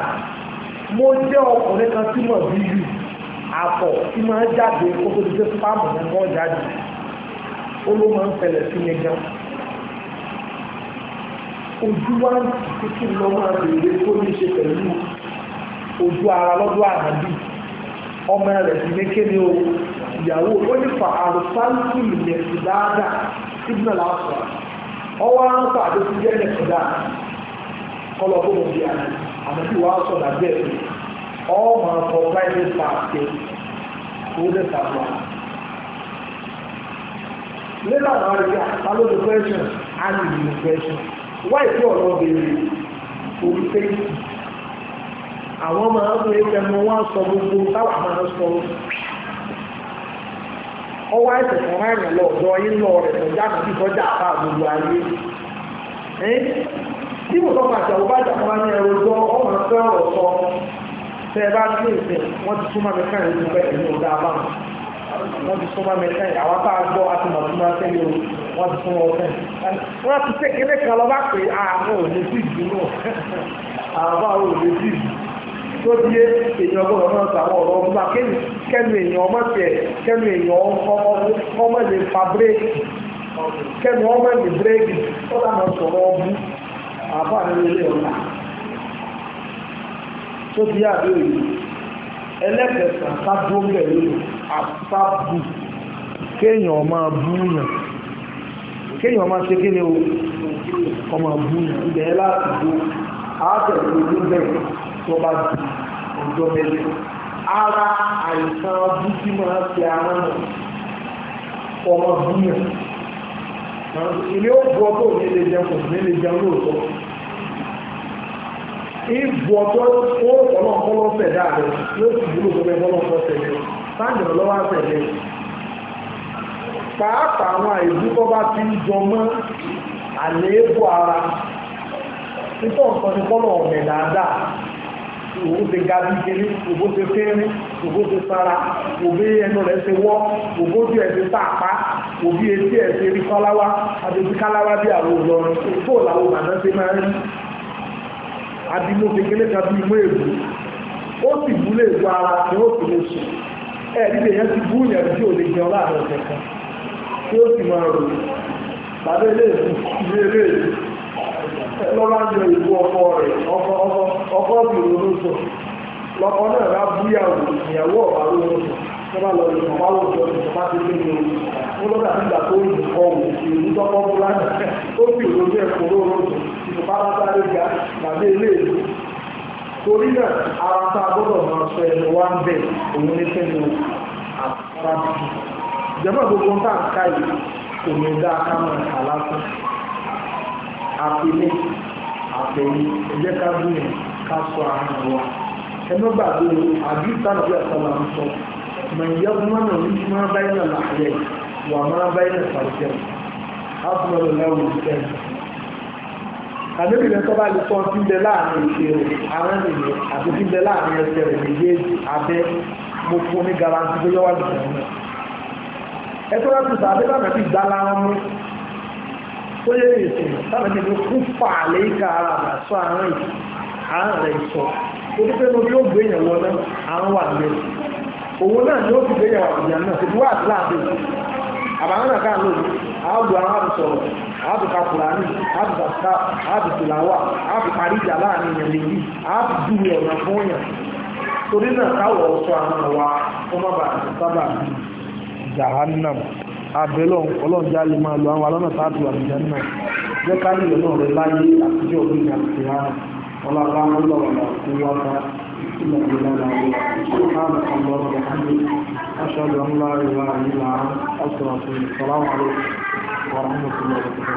A: mo jẹ́ ọkùnrin kan tí mọ̀ bí yù àpọ̀ tí máa jáde kó tó ti dé fáàmù ní wọ́n jáde ó ló máa ń fẹlẹ̀ sí mi ojú wa ń tìtì kí tó ní ṣe pẹ̀lú ojú ara lọ́dọ̀ àdàbí ọmọ rẹ̀ sì ní kéde o ìyàwó ó ní fa àrùsáǹtì ilẹ̀ ìdáadà síbùnà láàfọ̀ ọwọ́ aránsọ àdókù jẹ́ nẹ̀kọ̀dá kọlọ̀ tó mọ̀ bí i àdàbí wàá sọ dàbẹ́ ọmọ ọkọ̀ private party tó dẹ̀ sàbọ̀ na ọrịa alo the question and the question. wáì tí ọ̀nà obìnrin orí fẹ́yìntì àwọn máa ń lè fẹnu wọn sọ gbogbo táwa máa ń sọ ọwọ́ ẹ̀sẹ̀ kan máa ń rìn lọ ọ̀dọ́ yín lọ rẹ̀ sọ̀jà àti sọ́jà àbá gbogbo ayé tí mo sọ́kàn àti àwọn bàjẹ́ kan bá ní ẹrù gbọ́ ọmọ ẹgbẹ́ ọ̀rọ̀ sọ tẹ ẹ bá dé ìsìn wọ́n ti súnmọ́ mẹ́ta ìlú bẹ́ẹ̀ ní ọ̀dà àbáwọn wọ́n ti súnmọ́ mẹ́ta ìyàwó tá a gbọ́ àti màtúmọ́ sẹ́yìn wọ́n ti fún wọn fẹ́ wọ́n ti tẹ́ kílé kan lọ bá pé ah, àwọn ò lè sí ìdí náà àwọn ò lè sí ìdí tó di èèyàn ọgọ́rùn náà sàwọn ọ̀rọ̀ ọdún bá kẹ́nu èèyàn ọmọ tiẹ̀ kẹ́nu èèyàn ọmọ lè fa bírèkì kẹ́nu ọmọ lè bírèkì tó lànà sọ̀rọ̀ ọbú àbá nílé ọ̀la tó di àbẹ̀wò ẹlẹ́kẹ̀ẹ́sà sábúrò bẹ̀rẹ̀ àtàbù kéèyàn máa bú yàn kéèyàn máa ṣe kéèyàn ọmọ bú ilẹ̀ láti bú àátẹ̀lú ojú bẹ́ẹ̀ tó bá di ọjọ́ mẹ́lẹ̀ ara àìsàn bú tí máa fi ara nà ọmọ bú yẹn ilé ó bu ọtọ́ òní lè jẹun kò ní lè jẹun lóòótọ́ ìbù ọtọ́ ó ọlọ́ọ̀kọ́ lọ́sẹ̀ dáa rẹ̀ yóò sì wúlò tó bẹ́ẹ̀ bọ́lọ́ọ̀kọ́ sẹ̀ rẹ̀ sáà jẹ̀rọ̀ lọ́wọ́ àṣẹ̀ rẹ̀ pàápàá àwọn àìsí tó bá ti ń jọ mọ́ àléébù ara títọ́ nǹkan ní kọ́nà ọ̀mẹ̀ dáadáa òwò ṣe ga bí kiri òwò ṣe fẹ́rin òwò ṣe sára òbí ẹnu rẹ̀ ṣe wọ́ òwò ojú ẹ̀ ṣe pàpá òbí etí ẹ̀ ṣe rí kọ́láwá àbẹ̀bí káláwá bí àwọn olórin òfò làwọn bàbá ṣe máa ń rí abimú kékeré kan bí imú èbú ó sì bú lè gbọ́ ara ni ó sì lè sùn ẹ̀ẹ́dì lè yẹn ti bú yẹn tí ò lè jẹun láàrin ọ̀sẹ̀ kan tí ó sì máa rò tàbí ilé ìlú ilé ìlú lọ́wọ́ ọkọ rẹ̀ ọkọ bí olóso lọ́kọ náà ìyàwó lọ ìjọba ti ní orí tó kọ́ wò ìlú tọ́kọ́ ó fi ẹ̀kọ́ bá sáré ga tàbí ilé ìlú torí náà ara tá a gbọ́dọ̀ máa sọ jẹ́mọ́ gbogbo ń tàn ká yìí kò ní dá kámọ́ àlásán àpèlé àpèlé ẹ̀jẹ̀ ká gbìyànjú ká sọ àwọn wa ẹnu gbàgbé àdúgbò àti ọ̀sán àwọn sọ mẹ̀yẹ́gbọ́n náà ní máa báyìí náà làálẹ̀ wà máa báyìí náà fàṣẹ àfúnmọ́lò láwùjọ ìfẹ́ àdébìnrin tó bá lè sọ ti ń bẹ láàrin ìṣe rẹ̀ àwọn ènìyàn àti ti ń bẹ láàrin ẹsẹ̀ rẹ̀ méjèèjì abẹ́ mo fún ní garanti tó yọ wà lùdàn náà. ẹgbẹ́ láti sàbẹ́ bá nàbí ìgbàlá ọmọ tó yẹ ìsìn sábẹ́bí ló kú fà lẹ́yìnká àbàṣọ àárín àárín rẹ̀ sọ ahụ tó pé yóò gbé wà òun náà gbé láàbẹ̀ náà káà àwọn àbùkà fúlàní àbùkà sá láàrin yẹn ọ̀nà fún yẹn torí náà káwọ̀ ọ̀ṣọ́ àwọn jahannam abẹ́lọ́ ọlọ́njà lè máa lo àwọn alọ́nà tàbí àlùjánnà jẹ́ ká nílò náà rẹ̀ láyé àtijọ́ òbí ní àtìyá ọlọ́lá ọlọ́wọ̀lá tó wá bá ìlú ìlànà
B: àwọn ọmọ ọmọ ọmọ aṣọ́lẹ̀ ńlá ìlànà ọ̀sọ̀rọ̀